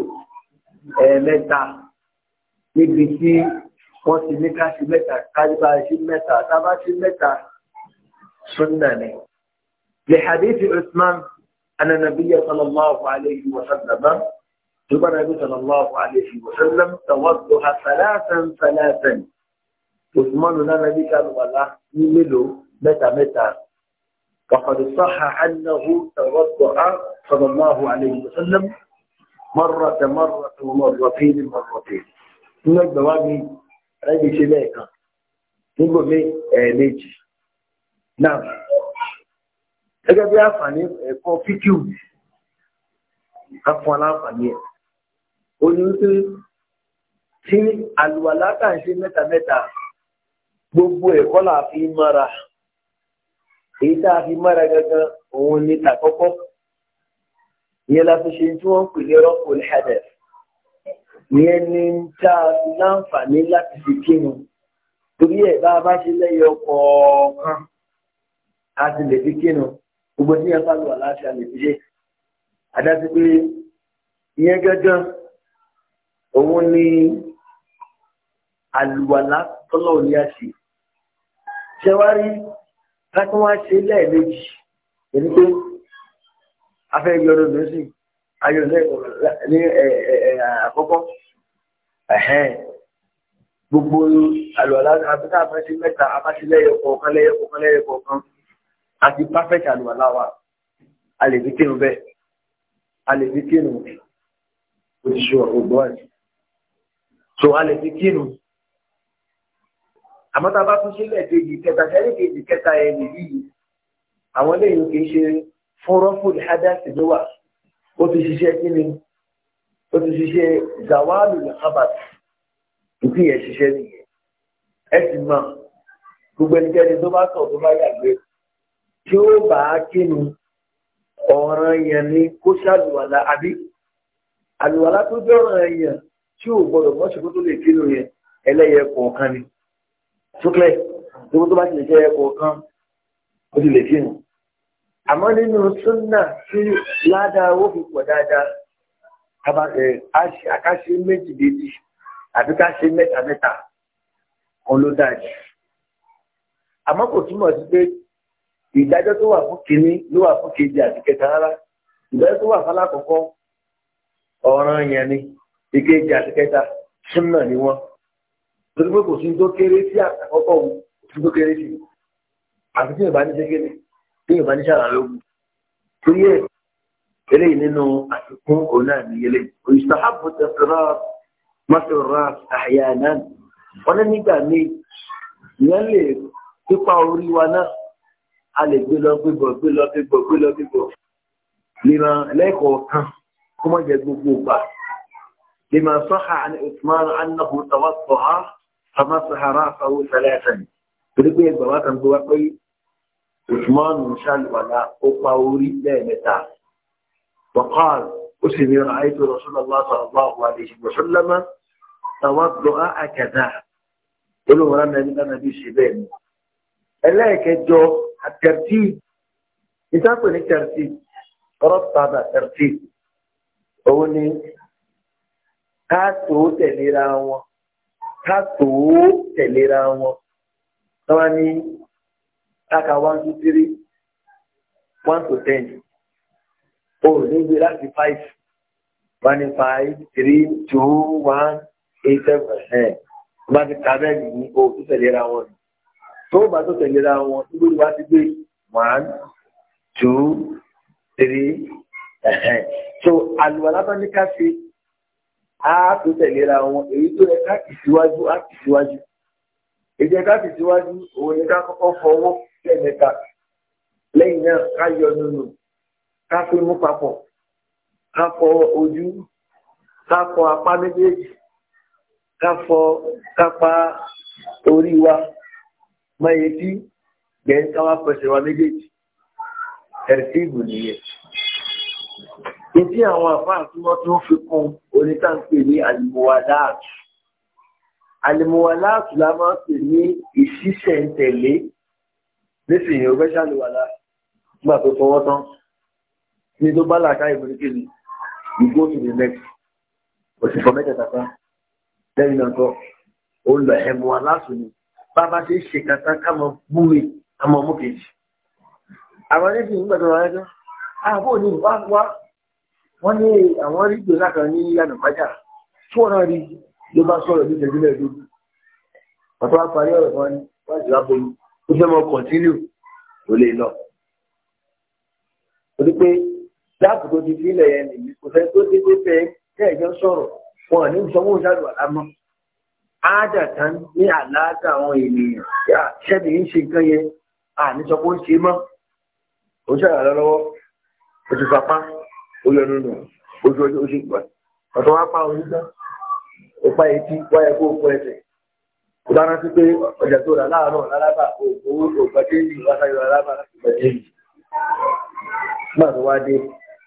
ẹ̀ẹ̀mẹ́ta níbi tí wọ́n ti ní ká ṣe mẹ́ta kárí bá ṣe mẹ́ta tábà ṣe mẹ́ta sunna ni. lè hadithi usman ananabiya sallallahu alayhi wa sallam tukwana nabi sallallahu alayhi wa sallam tawaddu ha salasan salasan usman nanabi kaluwala ní mélòó mẹ́ta mẹ́ta wàkàdù sọ́ha anahu tọwọ́tọ̀ á sọlọ́láhu aleyhi wa sallam mọ́rọ̀tẹ̀ mọ́rọ̀tẹ̀ mọ́rọ̀tẹ̀ ní mọ́rọ̀tẹ̀ nínú ẹgbẹ̀ wá mi rẹ́bi ṣe lẹ́ẹ̀kan nígbò mi ẹ̀ẹ̀mejì náà gẹ́gẹ́ bí àǹfààní ẹ̀kọ́ fíkìú afọ aláǹfààní ẹ̀ ó ní wípé tí àlùwàlá tà ń ṣe mẹ́ta mẹ́ta gbogbo ẹ̀kọ́ là fi mọ́ra èyí tá a fi mọ́ra gangan òun ni tàkọ́kọ́ ìyẹn la fi ṣe tí wọ́n ń pè ní rọ́pò lẹ́dẹ̀ẹ́ ìyẹn ni tá a fi láǹfààní láti fi kínu torí ẹ̀ bá a bá ṣe lẹ́yọ kọ̀ọ̀kan a ti lè fi kínu gbogbo tí yẹn bá lù àlàáfíà lè fi ṣe àdáṣe pé ìyẹn gangan òun ni àlùwàlá tọ́lọ́ ní àṣìí ṣe wá rí ká tí wọ́n ṣe lẹ́ẹ̀mejì èyí pé afẹ́ yọrọ lọ́sì ayọ̀ ní àkọ́kọ́ gbogbo àlùwàlá àbíká àbáṣe mẹ́ta àbáṣe lẹ́yọ kọ̀ọ̀kan lẹ́yọ kọ̀ọ̀kan lẹ́yọ kọ̀ọ̀kan àti perfect àlùwàlá wa a lè fi kírun bẹ́ẹ̀ a lè fi kírun òṣìṣẹ́ ọ̀gbọ́n so a lè fi kírun àmọ́ tá a bá tún ṣe lẹ́ẹ̀kejì kẹta ṣẹ́lẹ̀kejì kẹta ẹ̀ nìyí àwọn eléyìí kì í ṣe fọ́rọ́fùd hádàsì ló wà ó ti ṣiṣẹ́ kí ni ó ti ṣiṣẹ́ zawalu lẹ́kàbàt ìpín yẹn ṣiṣẹ́ nìyẹn ẹ sì mọ gbogbo ẹnikẹ́ni tó bá tọ̀ tó bá yàgbé tí ó bá kínu ọ̀ràn yẹn ni kó ṣàlùwàlà àbí àlùwàlà tó jẹ́ ọ̀ràn yẹn tí ò gbọdọ̀ mọ́ṣẹ́ tó lè kínu ṣúklẹ̀ gbogbo tó bá ti lè jẹ́ kọ̀ọ̀kan ó ti lè fihàn àmọ́ nínú súnà tí ládàá ó fi pọ̀ dáadáa àkáṣe méjì méjì àbí káṣe mẹ́ta mẹ́ta kan ló dájú àmọ́ kò túmọ̀ sí pé ìdájọ́ tó wà fún kínní ló wà fún kejì àti kẹta rárá ìdájọ́ tó wà fún alákọ̀ọ́kọ́ ọ̀ràn yẹn ni ìkejì àti kẹta súnà ni wọ́n torí pé kò sí tó kéré sí àkọ́kọ́ òun kò sí tó kéré sí àti tí ìbá ní ṣe kéde tí ìbá ní ṣàlàyé ogun torí ẹ eléyìí nínú àfikún òun náà ní eléyìí òyìnbó tẹsán mọ́tòrá àyà náà wọn ní nígbà míì ìyẹn lè pípa orí wa náà a lè gbé lọ gbégbọ gbé lọ gbégbọ gbé lọ gbégbọ lèèmọ̀ lẹ́kọ̀ọ́ kan kó má jẹ gbogbo gbà lèèmọ̀ sọ́ha àni usman anahu ha. فمسح راسه ثلاثا تريكو يبقى كان هو قوي عثمان شال ولا أقاوري لا وقال أسمي رأيت رسول الله صلى الله عليه وسلم توضأ كذا قلوا رانا نبقى نبي سيبين إلاك الجو الترتيب إنت أقول الترتيب ربط هذا ترتيب أقول لي هاتوا تليراوه ká tó tẹ̀lera wọn tọ́wá ní káka one two three one to ten o ní gbé láti five one ní five three two one eight seven ẹ̀ bá ti ka bẹ́ẹ̀ nìyí o tó tẹ̀lera wọn tó bá tó tẹ̀lera wọn tó gbé wá ti gbé one two three ẹ̀hẹ̀ so àlùwàlá bá ní ká ṣe á tó tẹ̀léra wọn èyí tó yẹ ká kì síwájú á kì síwájú èyí ká kì síwájú òun ni ká kọ́kọ́ fọwọ́ tẹ̀mẹ́ta lẹ́yìn náà ká yọ nínú ká fi mú papọ̀ ká fọ ojú ká fọ apá méjèèjì ká fọ ká pa orí wa mọ èyí tí gbẹ̀ǹkà wa pẹ̀sẹ̀ wa méjèèjì ẹ̀rẹ̀ ìbò nìyẹn. Ìdí àwọn àfáà tí wọ́n tún fi kún onítàǹpè ní àlùmọ́wàláàtù. Àlùmọ́wàláàtù la máa ń pè ní ìṣísẹ̀ntẹ̀lé. Nísìnyí, o fẹ́ ṣàlùwàlá nígbà tó fọwọ́ tán. Ní tó bá làákà ìmúríkè ni, you go to the next. Òṣìṣọ́ mẹ́tẹ̀ẹ̀ta kan. Lẹ́yìn náà kọ́, ó lọ ẹ̀mú aláṣù ni. Bàbá ṣe ṣe kàtà ká mọ múre, ká mọ mú kejì. Àwọn ẹlẹ́sìn nígbà tó wà lẹ́jọ́, àbúrò ah, ni wá wá wọ́n ní àwọn rí gbèsè kan ní yànnàmájà tí wọ́n náà rí ló bá sọ̀rọ̀ ní ìṣẹ́jú mẹ́ẹ̀ẹ́dógún bàtà wá parí ọ̀rọ̀ wọn wá sí aboyún ó fẹ́ mọ kọ̀ntínú kò lè lọ. torí pé dáàbò tó ti sílẹ̀ yẹn nìyí kò fẹ́ tó dé pé bẹ́ẹ̀ kẹ́ẹ̀jọ́ sọ̀rọ̀ wọn ní ìsọmọ́ ìṣàlù àlámọ́ ájàtá ní àlàáta àwọn ènìyàn ṣẹ́ni ń ṣe nǹkan yẹn àníṣọpọ̀ ń ṣe mọ́ òṣèlú àlọ́ lọ́wọ́ òṣèlú papá ó yọ nínú ojú ojú ojú ìgbà ọ̀tọ̀ wá pa orí tán ó pa etí wáyé kó o fọ ẹsẹ̀ ó dáná sí pé ọjà tó rà láàárọ̀ lálábà owó ògbàdé ní ìwásáyọ lálábà láti gbàdé yìí nígbà tó wá dé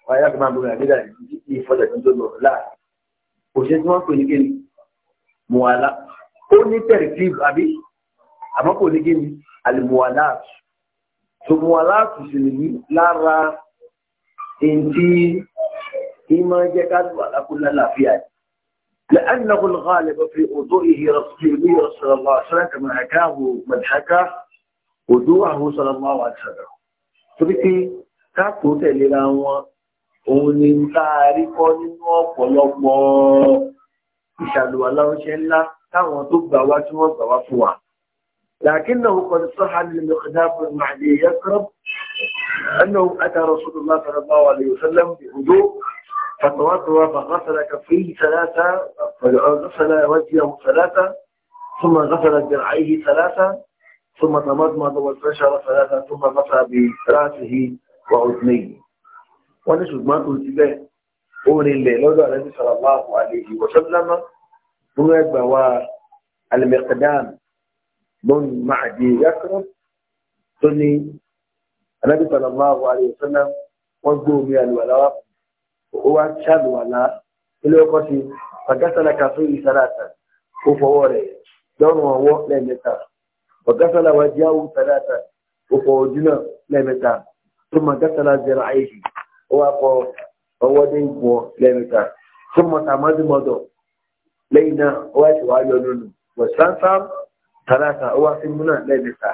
wáyé láti máa gbóná àdéhà yìí ìfọ̀jà tó lọ láà òṣèlú tí wọ́n pè ní kéde mùwàlá ó ní tẹ̀rìkìlì àbí àmọ́ kò ní kéde àlùmùwàlá tó mùwàlá tó sì nìyí lára ntí ìmọ̀ jẹ́ ká lù alákùnlá làáfíà ni. لأنه الغالب في وضوئه رسول الله صلى الله عليه وسلم كما حكاه من حكاه وضوءه صلى الله عليه وسلم. Tobiti ká tó tẹ̀léra wọn, òun ni ń tá a rí kọ́ nínú ọ̀pọ̀lọpọ̀ ìṣàlùwàlá oúnjẹ ńlá táwọn tó gbà wá tí wọ́n gbà wá fún wa. لكنه قد صح للمقدار المعدي يقرب أنه أتى رسول الله صلى الله عليه وسلم بهدوء فتوضأ فغسل كفيه ثلاثة غسل وجهه ثلاثة ثم غسل ذراعيه ثلاثة ثم تمضمض واستنشر ثلاثة ثم غسل برأسه وأذنيه ونشد ما قلت به أولي الليل لولا النبي صلى الله عليه وسلم ثم المقدام من معدي يكرم ثني anábì sallallahu alaihi wasallam wọ́n gbé omi àlùwàlá wá ó wá ṣàlùwàlá ilé ọkọ̀ sí pàgásàlà kàfé ìsàlàtà ó fọwọ́ rẹ̀ lọ́rùn ọwọ́ lẹ́ẹ̀mẹ́ta pàgásàlà wá jẹ́ àwọn ìsàlàtà ó fọ ojú náà lẹ́ẹ̀mẹ́ta tó pàgásàlà jẹ́ra àyèjì ó wá fọ ọwọ́ dé ìgbọ̀n lẹ́ẹ̀mẹ́ta tó mọ̀tàmọ́dìmọ́dọ̀ lẹ́yìn náà ó wá ṣèwádìí ọdún nù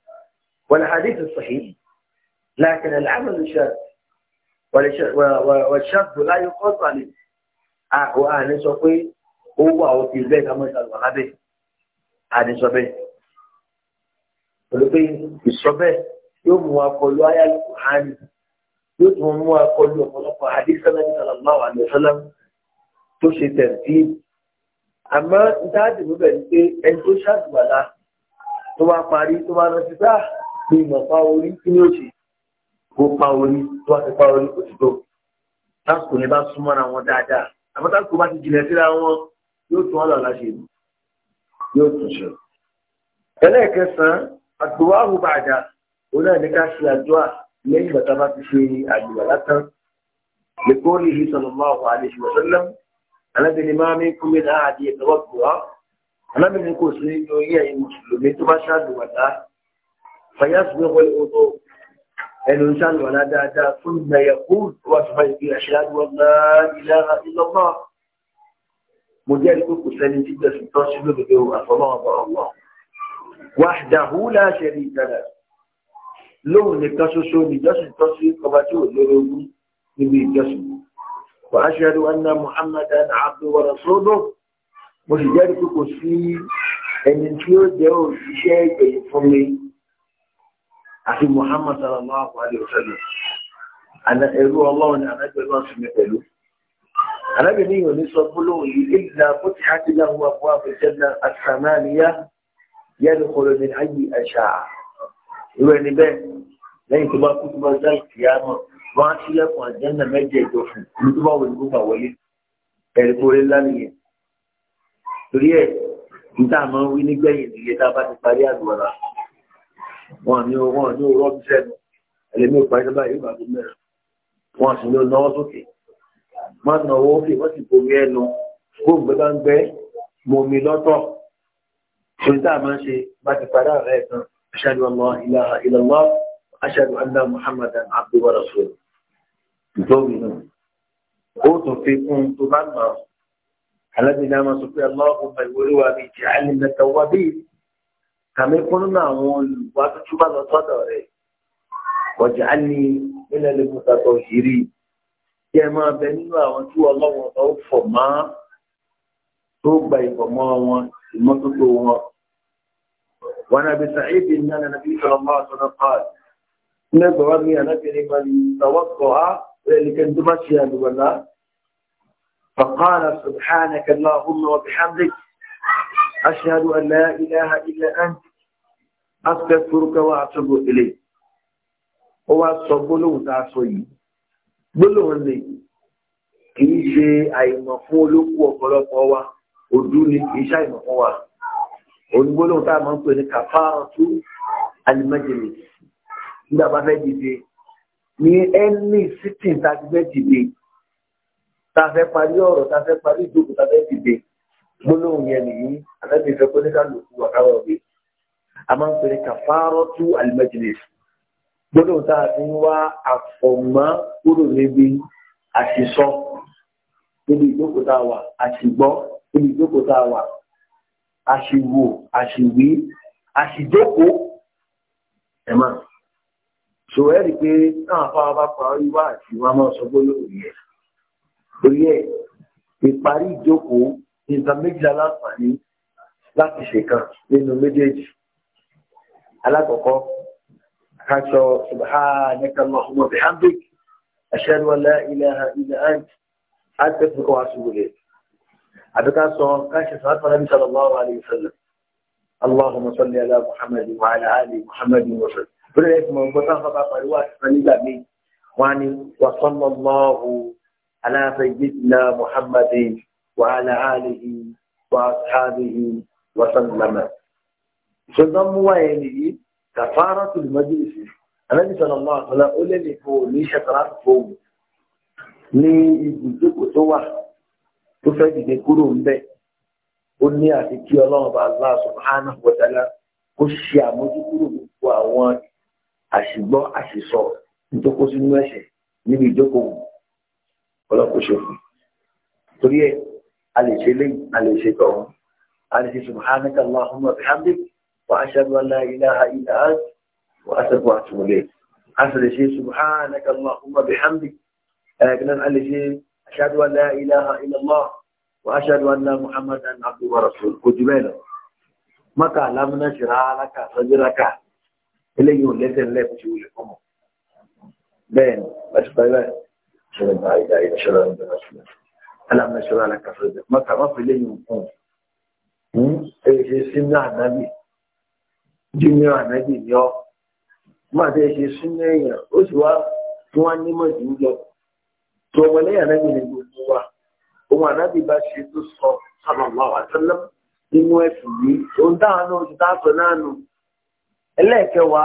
والحديث الصحيح لكن العمل الشاذ والشاذ لا يقاس عليه àwọn àní sọ pé ó wà ó ti bẹ́ẹ̀ ká mọ́ ìsàlùwà lábẹ́ àní sọ bẹ́ẹ̀ pẹ̀lú pé ìsọbẹ́ yóò mú akọlu ayálu kùhánì yóò tún mú akọlu ọ̀pọ̀lọpọ̀ àdìsẹ́lẹ̀ sallallahu alaihi wasallam tó ṣe tẹ̀sí àmọ́ ìdáàdì mú bẹ̀rù pé ẹni tó ṣàdùwàlá tó bá parí tó bá rántí bá pé ìmọ̀ pa orí kí ni ó ṣe kó pa orí tó wá ti pa orí kò ti tó tásìkò ní bá súnmọ́ra wọn dáadáa àmọ́ tásìkò bá ti jìnà síra wọn yóò tún ọ̀là láṣẹ ìlú yóò tún ṣe. ẹlẹ́ẹ̀kẹsàn-án àgbòwá àhùbàdà òun náà ní ká ṣe àdúrà lẹ́yìn bàtà bá ti ṣe àgbègbè látàn lẹ́kọ́ọ́lì yìí sọ̀rọ̀ máa wà lè ṣùgbọ́n alábìnrin máa mi kú mi náà àdìyẹ tọwọ́ gbòwá alábìnrin kò sí nínú yẹ̀yìn mùsùlùmí tó bá ṣáàdùn wàdá فيصبغ الوضوء الإنسان ولا دادا ثم يقول وصفه بأشهد أن لا إله إلا الله مجال كوكو سالي جدا سلطان به أفضل الله وحده لا شريك له لو نكسوسو نجسد تصوير قباتو لرغو نبي جسد وأشهد أن محمدا عبده ورسوله مجال كوكو سي أن ينتيو ديو شيء يفهمني àti Muhammad sallallahu alayhi wa sallam ẹrú ọlọ́run ni anábẹ́ lọ́n sí mi pẹ̀lú anábẹ́ ní ìwọ̀n ní sọ gbólóhùn yìí ìlà bó ti há sí láhùn àbúrò àbẹ̀jẹ̀dá àtàmáníyá yẹ́nu kọlọ ní ayé àṣà irú ẹni bẹ́ẹ̀ lẹ́yìn tó bá kú tó bá dá ìkìyàmọ̀ wọ́n á sílẹ̀kùn àjẹ́nà mẹ́jẹ̀ẹ̀jọ fún un tó bá wọ ìgbógbà wọlé ẹ̀rí kórè lánìyẹn torí ẹ̀ wọn ní wọn ní orọ́ bí sẹ́nu ẹlẹ́mí ò parí sábà yóò bá tó mẹ́rin wọn sì ní o náwó sókè má náwó sókè wọ́n sì bomi ẹnu kó gbẹ bá ń gbẹ momi lọ́tọ̀ ṣe tá a máa ń ṣe bá ti padà rẹ̀ kan aṣáájú ọmọ ìlànà ìlànà aṣáájú andá muhammadan abdul rasul ìtòwì náà ó tún fi kún tó bá ń mọ̀ alábìnrin a máa sọ pé aláwọ̀ ọmọ ìwúrí wa bíi jẹ́ àlìmẹ́ta wá bíi kàmí kún nínú àwọn olùwà tuntun bá lọ sọ́dọ̀ rẹ̀ ọjà ni nílẹ̀ lè kúta tó yìírí kí ẹ máa bẹ nínú àwọn tí ọlọ́wọ́n tó ń fọ̀ mọ́ tó gba ìfọ̀mọ́ wọn ìmọ́tótó wọn. wọn àbí sàìdì ní alẹ́ nàbí sọ̀rọ̀ máa sọ̀rọ̀ pààlì. ní ẹgbẹ́ mi ànábìrin máa ní ìtawọ́kọ̀ á lẹ́ẹ̀lẹ́kẹ́ tó bá ṣe àlùwàlá. فقال سبحانك اللهم وبحمدك أشهد أن لا إله إلا أنت أستغفرك وأتوب إليك ó wá sọ gbólóhùn tá a sọ yìí gbólóhùn lè kìí ṣe àìmọ̀ fún olókù ọ̀pọ̀lọpọ̀ wa òdú ni kìí ṣe àìmọ̀ fún wa òun gbólóhùn tá a máa ń pè ní kàfáàtú alimẹ́jẹ̀lẹ̀ nígbà bá fẹ́ dìde ní ẹni sítìn tá a ti fẹ́ dìde tá a fẹ́ parí ọ̀rọ̀ tá a fẹ́ parí ìjókòó tá a fẹ́ dìde gbólóhùn yẹn nìyí alábi ìfẹ́ pé oníkàlùkù wà káwọn òbí a máa ń pèrè kàfárọ́ tú alimẹ́jìlẹ̀ gbólóhùn tá a fi ń wá àfọ̀mọ́ kúrò níbi àṣìṣọ́ níbi ìjókòó tá a wà àṣìgbọ́ níbi ìjókòó tá a wà àṣìwò àṣìwí àṣìjókòó ẹ̀ máa sọ ẹ́ rí i pé náà fáwọn bá parí wá àti wọn máa sọ gbólóhùn yẹn torí ẹ̀ ìparí ìjókòó nǹkan méjìlá láǹfààní láti ṣèkan nínú méjèèjì alákọ̀ọ́kọ́ káṣọ subhanaka allahumma bihamdik ashhadu an la ilaha illa ant astaghfiruka wa atubu ilayk àbíká sọ káṣọ sallallahu alaihi sallallahu alaihi wasallam allahumma salli ala muhammad wa ala ali muhammad wa sallam bóyá ẹ̀sìn mọ̀ gbọ́dọ̀ bàbá pẹ̀lú àṣìṣe nígbà míì wọ́n wa sallallahu ala sayyidina muhammadin وعلى آله وأصحابه وسلم ṣùgbọ́n mú wáyé nìyí kàfàrà tó lè mọ́jìlìsì anábì sọ̀rọ̀ mọ́ àtọ́lá ó lè lè fò ní ṣẹ̀tàrà fòun ní ibùdókò tó wà tó fẹ́ dìde kúrò ń bẹ̀ ó ní àti kí ọlọ́run bá Allah subhanahu wa ta'ala kó ṣe àmójúkúrò gbogbo àwọn àṣìgbọ́ àṣìsọ nítorí sínú ẹ̀ṣẹ̀ níbi ìjókòó ọlọ́kùnṣe fún torí ẹ̀ علي شيلين علي شكو علي سبحانك اللهم بحمدك وأشهد أن لا إله إلا أنت وأتب وأتب إليك علي شيء سبحانك اللهم بحمدك أجنن علي شيء أشهد أن لا إله إلا الله وأشهد أن محمدا عبده ورسوله كتبنا ما تعلمنا شرالك فجرك إلي يولدن لك شوشكم بين بس طيبين شلون بعيد عيد شلون بعيد عيد alámẹ́sọ̀rọ̀ alákàfẹ́dẹ̀ mọ́ta má fi léyìn nǹkan hm? ẹ̀ṣẹ̀ sínú ànábì júmọ́ ànábì ni ọ́ má tẹ́ ṣe sínú èèyàn ó sì wá tí wọ́n nímọ̀ jù ú lọ tó ọmọlẹ́yìn ànábì ni gbogbo wa òun ànábì bá ṣe tó sọ sallallahu alaihi wasallam nínú ẹ̀sùn yìí òun dáhùn náà ti dáàtọ̀ náà nù ẹlẹ́ẹ̀kẹwàá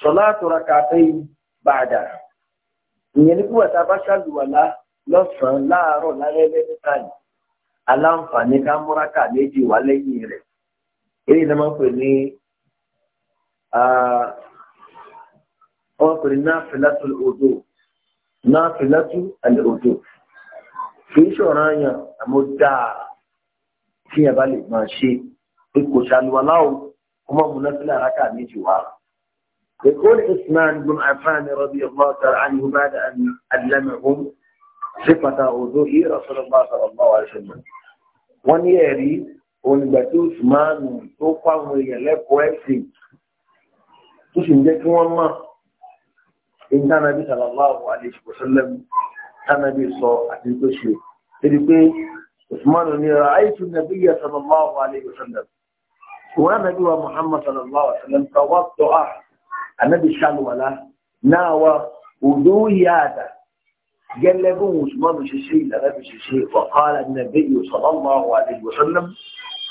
sọlá àtọ̀rọ̀ kàtẹ́yìn bàdà ìyẹn ní kúwàtà bá ṣàlùwàlá lọ́sàn-án láàárọ̀ lálẹ́ lẹ́nìkan yìí aláǹfààní ká múrákà méjì wá lẹ́yìn rẹ̀ èyí ni wọ́n pè ní wọ́n pè ní náfìlátù òdò náfìlátù àlẹ́ òdò kì í ṣọ̀rọ̀ àyàn àmọ́ dáa tí yẹn bá lè máa ṣe pé kò ṣàlùwàlá o kó má múná sílẹ̀ àràkà méjì wá. يقول عثمان بن عفان رضي الله تعالى عنه بعد أن علمهم sípàtà òdo yìí Rasulullah sallallahu alaihi wasallam wọ́n ní ẹ̀rí onígbà tí Usmanu tó kọ́ àwọn èèyàn lẹ́kọ̀ọ́ ẹ̀sìn tó sì ń jẹ́ kí wọ́n mọ̀ ìdánabi sallallahu alaihi wasallam tánàbí sọ àti tó ṣe torí pé Usmanu ní ra'aytu nabiyya sallallahu alaihi wasallam wọ́n nàbí wa Muhammad sallallahu alaihi wasallam tọwọ́ tọ́ wa òdo yìí àdá جلبوه عثمان الشيشي لغاب شيء وقال النبي صلى الله عليه وسلم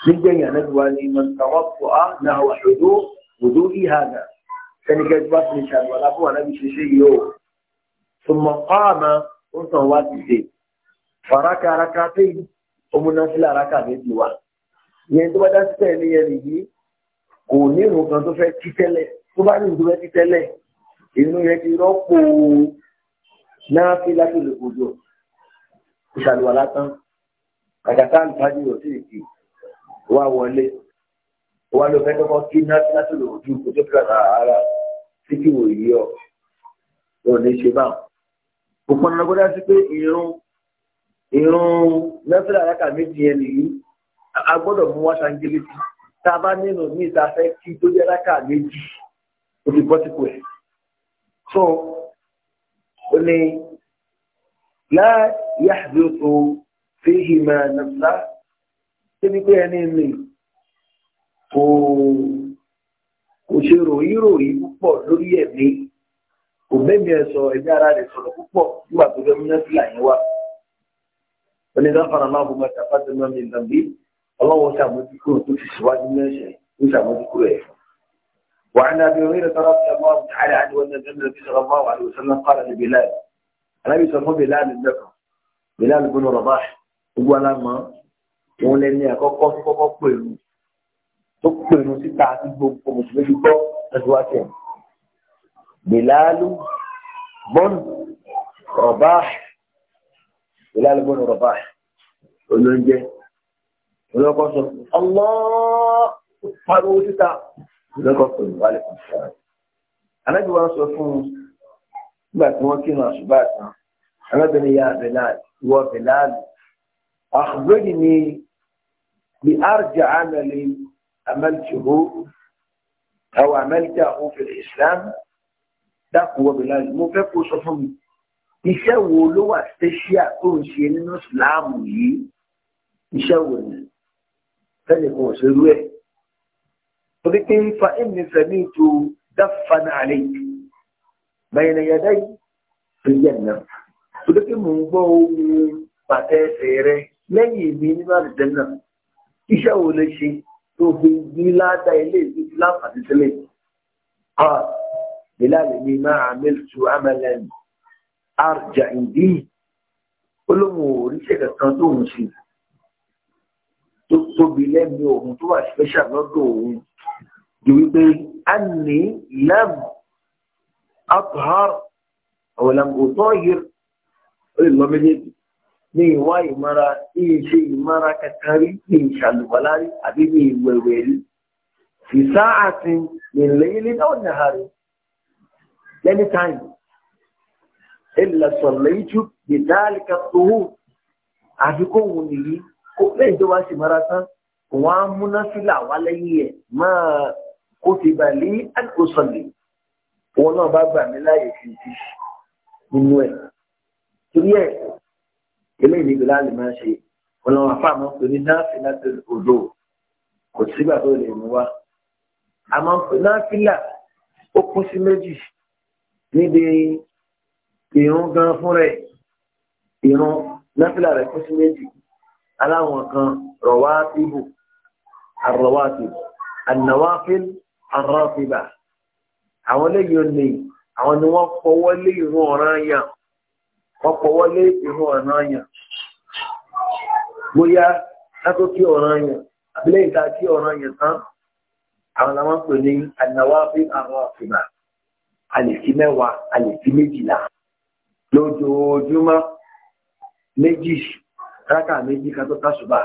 من جاي ندواني من توطأ له حدوث وضوئي هذا كان جاي بات نشان ولا أبو أنا يوم ثم قام وانت هو الزيت فركع ركعتين ومنزل ركعتين ديوان yẹn tó bá dá sípẹ̀ ní ẹni yìí kò ní ìrùn kan tó fẹ́ títẹ́lẹ̀ tó náà fi láti lè gbòdò ìṣàlùwà látàn kàkàtà àlùfáàjì rò sí ìkì wà wọlé wà ló fẹ́ kọ́kọ́ kí náà fi láti lè gbòdò kò tó kíkà ara tí kì wò yí ọ ò ní ṣe báwọn. òpin ọ̀nà gbọ́dá sí pé irun irun nẹ́fẹ̀lá àyàkà méjì yẹn nìyí a gbọ́dọ̀ mú wá ṣàǹgẹ́lẹ́tì tá a bá nínú ní ìta fẹ́ kí tó jẹ́ àyàkà méjì ó ti bọ́ sípò ẹ̀. so ó ní láà yáàdó tó fi hìmà nàfà débi pé ẹni nì kò kò ṣe ròyìn ròyìn púpọ̀ lórí ẹ̀mí kò mẹ́mí ẹ̀ sọ ẹ̀mí ara rẹ̀ sọ̀rọ̀ púpọ̀ nígbà tó fẹ́ múná sílà yẹn wá ẹni dáfàrà máa bọ̀ máa tàpá tẹ̀lé mi ọlọ́wọ́ sàmójúkúrò tó ti síwájú mẹ́sẹ̀ tó sàmójúkúrò ẹ̀fọ́. وعن أبي هريرة رضي الله تعالى عنه أن النبي صلى الله عليه وسلم قال لبلال النبي صلى الله عليه وسلم بلال بن رباح gbogbo alámọ òun lẹni àkọ́kọ́ tó kọ́kọ́ pèrú tó pèrú síta àti gbogbo mùsùlùmí gbọ́ ẹ̀sùn wá tẹ̀. bìláàlú bọ́ọ̀nù rọ̀bá bìláàlú bọ́ọ̀nù rọ̀bá olóúnjẹ olókọ́ sọ ọlọ́ọ̀ pariwo síta lọ́kọ̀ pẹ̀lú wálé kan sára. Anábì wa sọ fún un nígbà tí wọ́n kírun àṣùbà tán. Anábìnrin ya Bẹ̀láàdì, ìwọ Bẹ̀láàdì. Àkùgbẹ́ni ni bí àrjà àmàlẹ́ àmàlìtìhó àwọn àmàlìtì àwọn òfin ìsìlámù dákun wọ Bẹ̀láàdì. Mo fẹ́ kó sọ fún mi. Iṣẹ́ wo ló wà spẹ́ṣíà tó ń ṣe nínú ìsìlámù yìí? Iṣẹ́ wo ni? Fẹ́lẹ̀ kan ò ṣerú ẹ̀ torí pé fa ẹ̀mí sẹ́mi tó dáfàánà àlẹ́ bẹ̀yẹ̀nà yàdá yìí tó yẹ̀ náà torí pé mò ń gbọ́ ohun bàtà ẹsẹ̀ rẹ lẹ́yìn mi nínú àdìsẹ́ náà iṣẹ́ wo lè ṣe tó fi ní ládàá ilé ìlú láǹfààní sílẹ̀ ah bilal ni máa amiltu amalan arja indi olóhùn òríṣẹ́ kankan tó ń ṣe tó tóbi lẹ́nu ohun tó wà special lọ́dọ̀ òun ju wípé a ní lam athar àwọn lam utahir ó lè lọ méjèèjì ní ìwá ìmára ní ìṣe ìmára kankan rí ní ìṣàlùwàlá rí àbí ní ìwẹ̀wẹ̀ rí fi sáàtì ní lẹ́yìnlẹ́ náà nàá rí lẹ́ni táìmù illa sọ̀lẹ́jù ìdáàlìkà tòwò àfikún òun nìyí kó lẹ́yìn tó wá sí ìmára tán òun á múná sílà wá lẹ́yìn ẹ̀ máa kutiba li an usalli wọn náà bá gbà mí láàyè fi ti nínú ẹ̀ torí ẹ̀ eléyìí níbi láàlè máa ṣe wọn náà wà fáwọn ọmọ pé ní náàfíà tó odò kò sígbà tó lè mú wa àmọ́ náàfíà ó kún sí méjì níbi ìrún gan fún rẹ̀ ìrún náàfíà rẹ̀ kún sí méjì aláwọn kan rọwá tìbù àrọwá tìbù ànáwá fílù arọ́fìbà àwọn eléyìí ò lè àwọn ni wọ́n fọwọ́ lé ìrún ọ̀ràn yàn wọ́n fọwọ́ lé ìrún ọ̀ràn yàn bóyá látó kí ọ̀ràn yàn àbílẹ̀ ìta kí ọ̀ràn yàn tán àwọn làwọn pè ní ànáwáfí arọ́fìbà àlèsí mẹ́wàá àlèsí méjìlá lójoojúmọ́ méjì rákà méjì kan tásùbà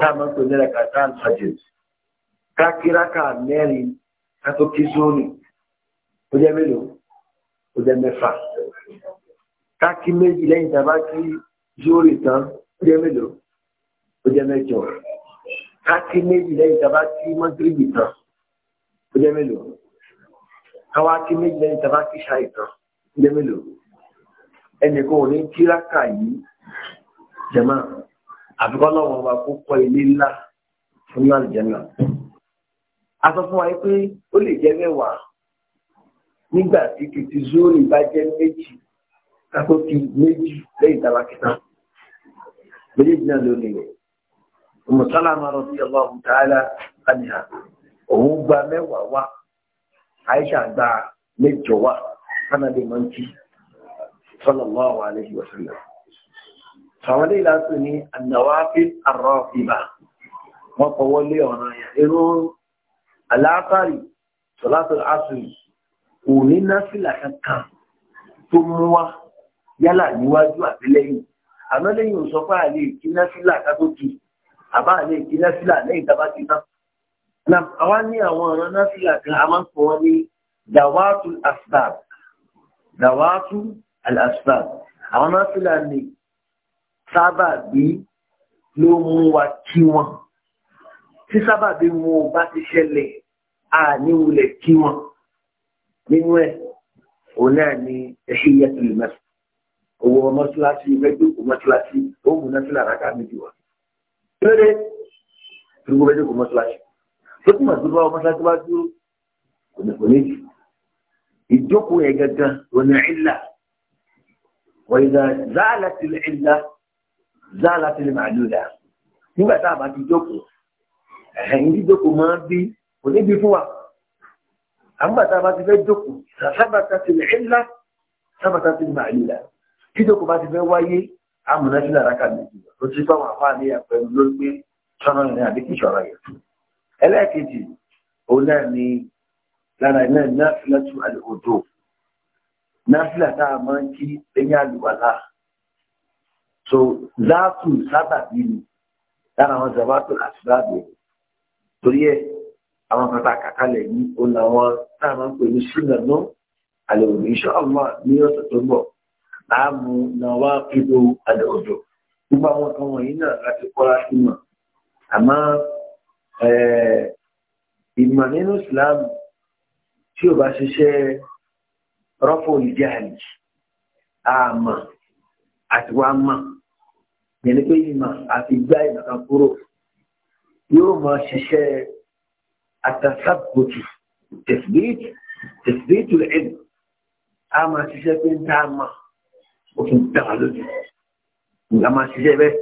táà máa ń pè ní rẹ̀ kàtà àjèjì kákíráka mẹ́rin kátó kí zónì ó jẹ́ mélòó ó jẹ́ mẹ́fà kákí méjì lẹ́yìn tàbá kí zónì tán ó jẹ́ mélòó ó jẹ́ mẹ́jọ kákí méjì lẹ́yìn tàbá kí mọ́tírìbì tán ó jẹ́ mélòó káwá kí méjì lẹ́yìn tàbá kí ṣáì tán ó jẹ́ mélòó ẹnìkan ò ní kíráka yìí jẹ̀mọ́ àfikọ́ lọ́wọ́ wa kó kọ́ ilé ńlá fún ní àlùjẹ́ náà a sọ fún wa yìí pé ó lè jẹ́ mẹ́wàá nígbà tí kìtì zóòrì bá jẹ́ méjì kátó kí méjì lẹ́yìn tabakita méjèèjì náà ló nílẹ̀ mùsálàmù rọ̀bì ọlọ́run tààlà àníhà òun gba mẹ́wàá wá àìsà gba mẹ́jọ wá kánàdé mọ́ntì sallallahu alaihi wa sallam àwọn ilé ìlànà ní ànáwáfíì àrọ́ọ̀fìbà wọ́n fọwọ́ lé ọ̀ràn yẹn irú àlàáfàrí sọ̀látò àṣírí kò ní náfìlà kankan tó mú wá yálà níwájú àti lẹ́yìn àmọ́ lẹ́yìn ò sọ pé àlè kí náfìlà ká tó kì àbá àlè kí náfìlà lẹ́yìn tá bá ti tán. àwa ní àwọn ọ̀ràn náfìlà kan a máa ń pọ̀ wọ́n ní dàwátú asbab dàwátú al-asbab àwọn náfìlà ní sábà bí ló mú wa kí wọn tí sábà bí wọn ò bá ti ṣẹlẹ̀ àníwulẹ̀ kí wọn nínú ẹ̀ òun náà ni tahiyatul masjid owó mọ́síláṣí mẹ́jọ́kù mọ́síláṣí òun mọ́síláṣí àràká méjì wá lóde dúró mẹ́jọ́kù mọ́síláṣí tó túmọ̀ sí bá mọ́síláṣí bá dúró kò ní kò ní jù ìjókòó yẹn gangan ló ní ìlà wọ́n ìdá záàlá tilẹ̀ ìlà záàlá tilẹ̀ màlúù dà nígbà tá a bá ti jókòó ẹ̀hìn jíjókòó máa ń bí kò níbi fún wa àmúgbàtà bá ti fẹ́ jókòó sábàtà ti lè ńlá sábàtà ti mà nílà kí jókòó bá ti fẹ́ wáyé amúnájú lára ká méjì lọ sí fáwọn àfáà ní àpẹẹrẹ lórí pé sọ́nà ìrìn àbí kí ìṣọ̀rọ̀ yẹn fún ẹlẹ́ẹ̀kejì òun náà ni lára iná náfìlà tún àlòkòtò náfìlà tá a máa ń kí lẹ́yìn àlùwàlá so láàtù sábàbí ni lára àwọn zàbátò àti láàbò torí ẹ̀ àwọn kan tá a kà kalẹ̀ yìí ó là wọn tá a máa ń pè ní ṣúnà náà àlè òní iṣẹ́ ọmọ ní ọ̀sẹ̀ tó ń bọ̀ láàmú náà wá kíbo àlè òjò gbogbo àwọn kan wọ̀nyí náà láti kọ́ra sí mọ̀ àmọ́ ìmọ̀ nínú ìsìláàmù tí ò bá ṣiṣẹ́ rọ́pò ìdí àlè àti wá mọ̀ yẹn ni pé ìmọ̀ àti gbá ìmọ̀ kan kúrò yóò máa ṣiṣẹ́ التثبت التثبيت تثبيت العلم أما تشبين تعمى وكن تعلج أما تشبه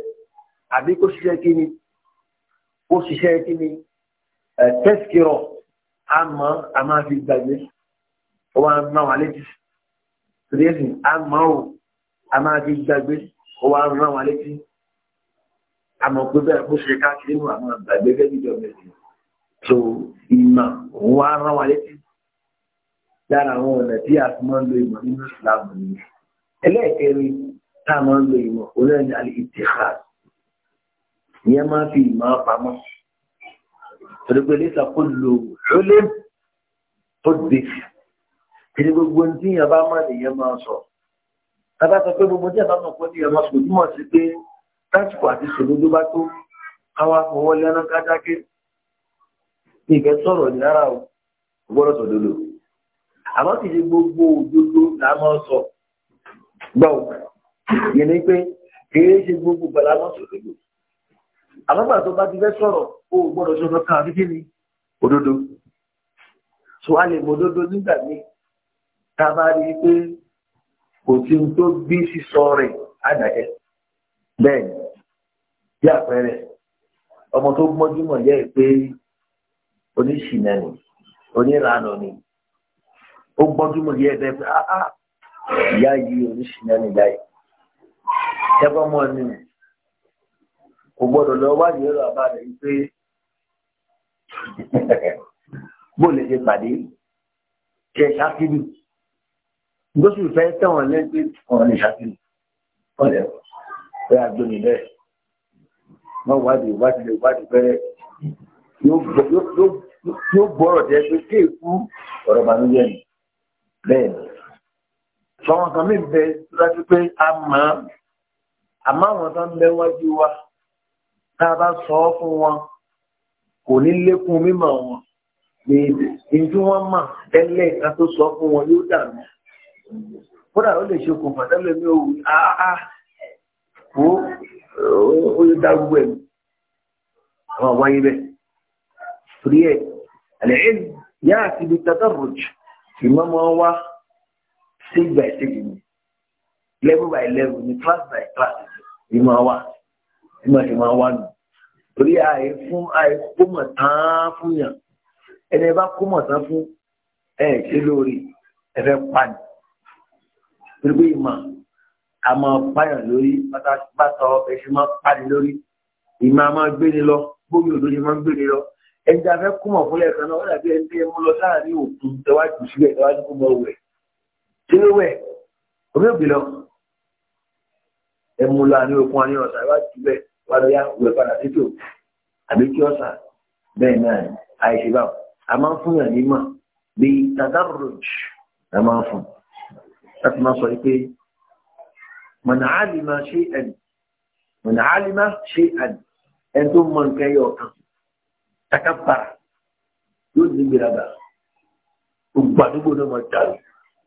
àbí kó ṣiṣẹ́ kí ni kó ṣiṣẹ́ kí ni tẹ́sìkìrọ̀ àmọ́ a máa fi gbàgbé ó wá ń rán wa létí kìrìyèsì àmọ́ ò a máa fi gbàgbé ó wá ń rán wa létí àmọ́ pé bẹ́ẹ̀ bó ṣe káàkiri nù àwọn àgbàgbé gẹ́gẹ́ bí ìjọba ẹ̀sìn so ìmọ̀ òun wá rán wa létí lára àwọn ọ̀nà tí a fi máa ń lo ìmọ̀ nínú ìsìlámù ni ẹlẹ́ẹ̀kẹrin tá a máa ń lo ìmọ̀ onírin àlè ìtìhàd ìyẹn máa fi ìmọ̀ pamọ́ torí pé lẹ́sà kó lo lólé tó dé kìí gbogbo ní tí ìyàbá máa nìyẹn máa sọ tábà sọ pé gbogbo tí ìyàbá máa pọ̀ ní ìyàmọ̀ sọ túmọ̀ sí pé tásìkò àti sòdodo bá tó káwá fọwọ́ lẹ́nu ká ní ìfẹ́ sọ̀rọ̀ ní rárá o gbọ́dọ̀ sọ dodo àmọ́ kì í ṣe gbogbo òdodo là máa sọ gbọ́ ò yẹn ni pé kì í ṣe gbogbo gbà là máa sọ dodo àmọ́ gbà tó bá ti fẹ́ sọ̀rọ̀ o gbọ́dọ̀ sọ ọ̀dọ̀ kan àbíkí ni òdodo so a lè mọ òdodo nígbà míì tá a bá rí i pé kò sí ohun tó bí sísọ rẹ̀ àdàkẹ́ bẹ́ẹ̀ bí àpẹẹrẹ ọmọ tó gbọ́njú mọ̀ ẹ pé oníṣìnà ni oníranà ni ó gbọ́dún mọ̀ yẹ ẹ̀bẹ̀ pé áá ah, ah, ìyá yìí oníṣìnà ni ìyá yìí ṣẹ́gbọ́n ni kò gbọ́dọ̀ lọ wáyé ẹ̀rọ àbá rẹ̀ yìí pé bó lè ṣe pàdé ṣe ṣákìlì gbósù fẹ́ tẹ̀wọ̀n lẹ́gbẹ̀ẹ́ wọn lè ṣákìlì wọn lè fẹ́ agbóni wọ́n wádìí wádìí wádìí bẹ́ẹ̀ yóò yóò gbọ́rọ̀ jẹ́ pé kéèkú ọ̀rọ̀ ìbànújẹ́ ni bẹ́ẹ̀ ni sọ́wọ́n kan mí bẹ síwájú pé a mọ̀ ọ́n àmọ́ àwọn tó bẹ wájú wa tá a bá sọ ọ́ fún wọn kò ní lékún mímọ̀ wọn pé ìjú wọn mọ̀ tẹ́lẹ̀ ká tó sọ fún wọn yóò dà mí kódà ó lè ṣe okùnfà tẹ́lẹ̀ mi ò wù áá kó ó yóò dá gbogbo ẹ̀ àwọn àwáyé bẹ́ẹ̀ torí ẹ̀. العلم يأتي بالتدرج ìmọ̀ máa ń wá stage by stage ni level by level ni class by class ni máa wá ni máa ṣe máa wá nù torí àì fún àì kómọ̀ tán fún yàn ẹni bá kómọ̀ tán fún ẹ ṣe lórí ẹ fẹ́ pani torí pé ìmọ̀ a máa pààyàn lórí pátápátá ẹ ṣe máa pani lórí ìmọ̀ a máa gbé ni lọ bóyá òdòdó máa gbé ni lọ ẹja fẹ́ kúmọ̀ fúnlẹ̀ kan náà wọ́n dàbí ẹni tẹ́ mú lọ láàrin òkun tẹwájú sílẹ̀ tẹwájú kó mọ wẹ̀ ṣé ló wẹ̀ omi òbí lọ ẹ mú láàrin òkun àní ọ̀sà iwájú bẹ́ẹ̀ wàá lọ yá wẹ̀ padà títò àbí kí ọ̀sà bẹ́ẹ̀ náà àìṣe báwò a máa ń fún yàn nímọ̀ bí tadarruj a máa ń fún láti máa sọ pé mọ̀nà àlìmá ṣe ẹni mọ̀nà àlìmá ṣe ẹni ẹni tó mọ nǹkan ẹyọ kan takabara yóò ní gbèrágà gbogbo àdúgbò náà máa dàrú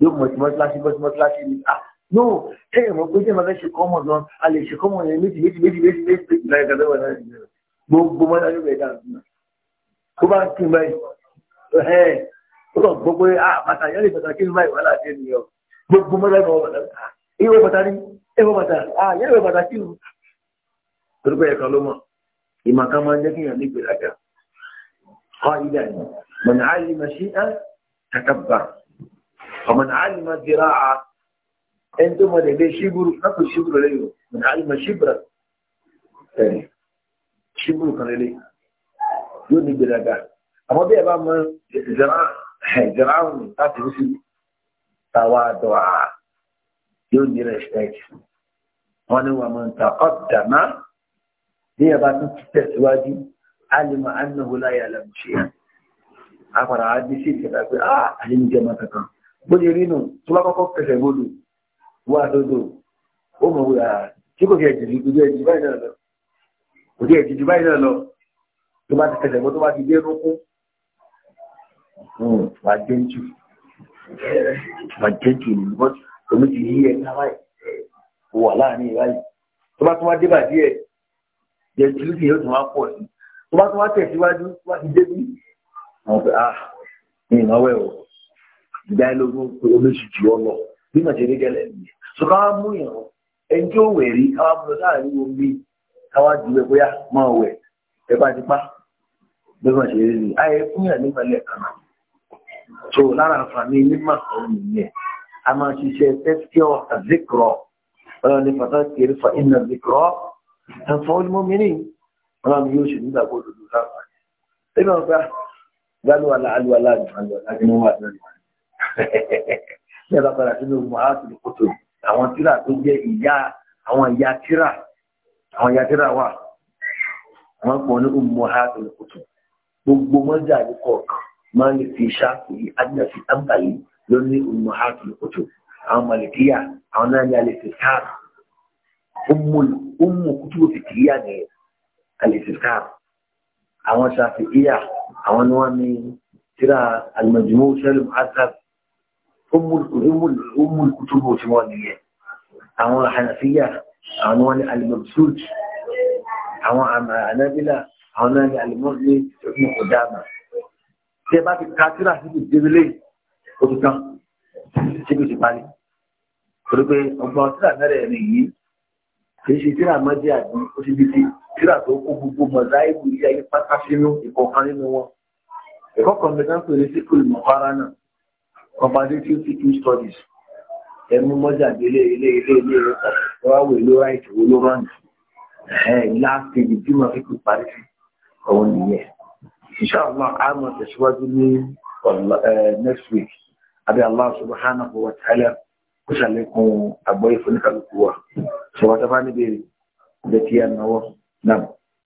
yóò mọ̀ sí mọ́tíláṣí mọ́tíláṣí ni à yóò ẹ̀yẹ̀ mọ̀ pé jẹ́ màá fẹ́ ṣe kọ́mọ̀ gan a lè ṣe kọ́mọ̀ yẹn méjì méjì méjì méjì méjì méjì láyé kan lọ́wọ́ náà nìyẹn gbogbo mọ́tò ayé bẹ̀rẹ̀ dàrú tó bá ń kí báyìí ẹ̀ ó lọ gbọ́ pé à bàtà yẹn lè bàtà kí n báyìí wàhálà dé nìyẹn gbogbo mọ́tò ayé bẹ̀rẹ̀ ìwọ bàtà ni ìwọ bàtà à yẹn lè bàtà kí n. torí pé ẹ̀ka ló mọ̀ ìmọ̀ kan máa ń jẹ́ kí èèyàn ní ìgbéraga قائلان من علم شيئا تكبر ومن علم ذراعا انتم لدي شبر نقل شبر ليه من علم شبرا شبر كان ليه يوني بلا قال اما بيه بقى ذراع ذراع من تاتي مسلم تواضع يوني رشتاك وانا ومن تقدم هي بقى تتسواجي alima annahu la ya'lamu shay'an apàdà àdísí ìṣẹ̀dá pé ah àyíní jẹ́ máa kankan bó ṣe rí nù tó bá kọ́kọ́ fẹsẹ̀ gbódò wá sódò ó mọ̀ wíwá ah, tí kò fi ẹ̀jì ju ojú ẹ̀jì báyìí náà lọ ojú ẹ̀jì ju báyìí náà lọ tó bá ti fẹsẹ̀ gbó tó bá ti dé rúkún hmm, wà jẹ́ jù wà jẹ́ jù ní bọ́ omi ti yí ẹ̀ náà báyìí wà láàrin ìbáyìí tó bá tún wá dé bàdí ẹ̀ jẹ́ jù lókè yóò tún wá pọ̀ sí i tó bá tún wá tẹ̀síwájú wá ti dé bí àwọn pé ah ní ìnáwẹ́ o ìdá ẹlógún pé olóṣù jù ọ lọ bí màṣẹ ní gẹlẹ nìyẹn so ká wá mú ìràn ẹni tí ó wẹ̀ rí ká wá mú lọ sáàrin omi ká wá ju ẹ bóyá máa wẹ̀ ẹ bá ti pa bí màṣẹ rí ni ayé fún yàn nígbà lẹ́ẹ̀kan náà so lára àǹfààní nígbà kan nìyẹn a máa ṣiṣẹ́ tẹ́síọ̀ àzíkọ̀ọ́ ọlọ́run ní pàtàkì rí fa iná àzíkọ̀ọ́ ẹ̀fọ́ olúmọ́mìnrin ọlọ́run yóò ṣe nígbàgbọ́ òdodo láwọn ẹni wọn bá gbálùwà láàlùwà láàlùwà láàlùwà wà lọ́nà ní ẹ̀bá padà sínú ogun aláàtúndì kòtò àwọn tíra tó jẹ́ ìyá àwọn ìyá tíra àwọn ìyá tíra wà àwọn pọ̀ ní ogun aláàtúndì kòtò gbogbo mọ́jà àdúkọ̀ máa ń lè fi ṣáàpù yìí adínàfi àbàlì lóní ogun aláàtúndì kòtò àwọn mọ̀lẹ́kíyà àwọn náà ní alẹ́ fi káàkiri ó mú kútùbù nìyẹn al-istizkar àwọn ṣàfihíyà àwọn ni wọ́n ní tíra al-majmu' sẹ́lùm azab umul kutubu tí wọ́n nìyẹn àwọn hanafiya àwọn ni wọ́n ní al-mabsut àwọn anabila àwọn náà ní al-mughni ibn qudama tí ẹ bá ti ka tíra síbi débílé ó ti tán síbi ti parí torí pé ọgbọ́n tíra mẹ́rẹ̀ẹ́rin yìí kìí ṣe tíra mọ́dé àbí oṣìbìtì tíra tó kó gbogbo mọ̀dáìbù ilé ayé pátá sínú ìkọ̀ọ̀kan nínú wọn. ẹ̀kọ́ kan bẹ sáńpẹ̀ ní síkùlù mọ̀fárá náà comparative teaching studies ẹ̀mú mọ́jà bí ilé ilé ilé ilé ẹ̀kọ́ ẹ wá wò ló ráìtì wo ló rán jù ẹ̀ last stage tí mo fi kú parí sí ọ̀hún nìyẹn. inṣàlá àmọ̀ tẹ̀síwájú ní next week àbí Allah subhanahu wa ta'ala kó ṣàlékún àgbọ̀ ìfúnnikàlùkù wa ṣọwọ́tafá níbèrè ìdẹ̀tí ànáwọ̀ náà.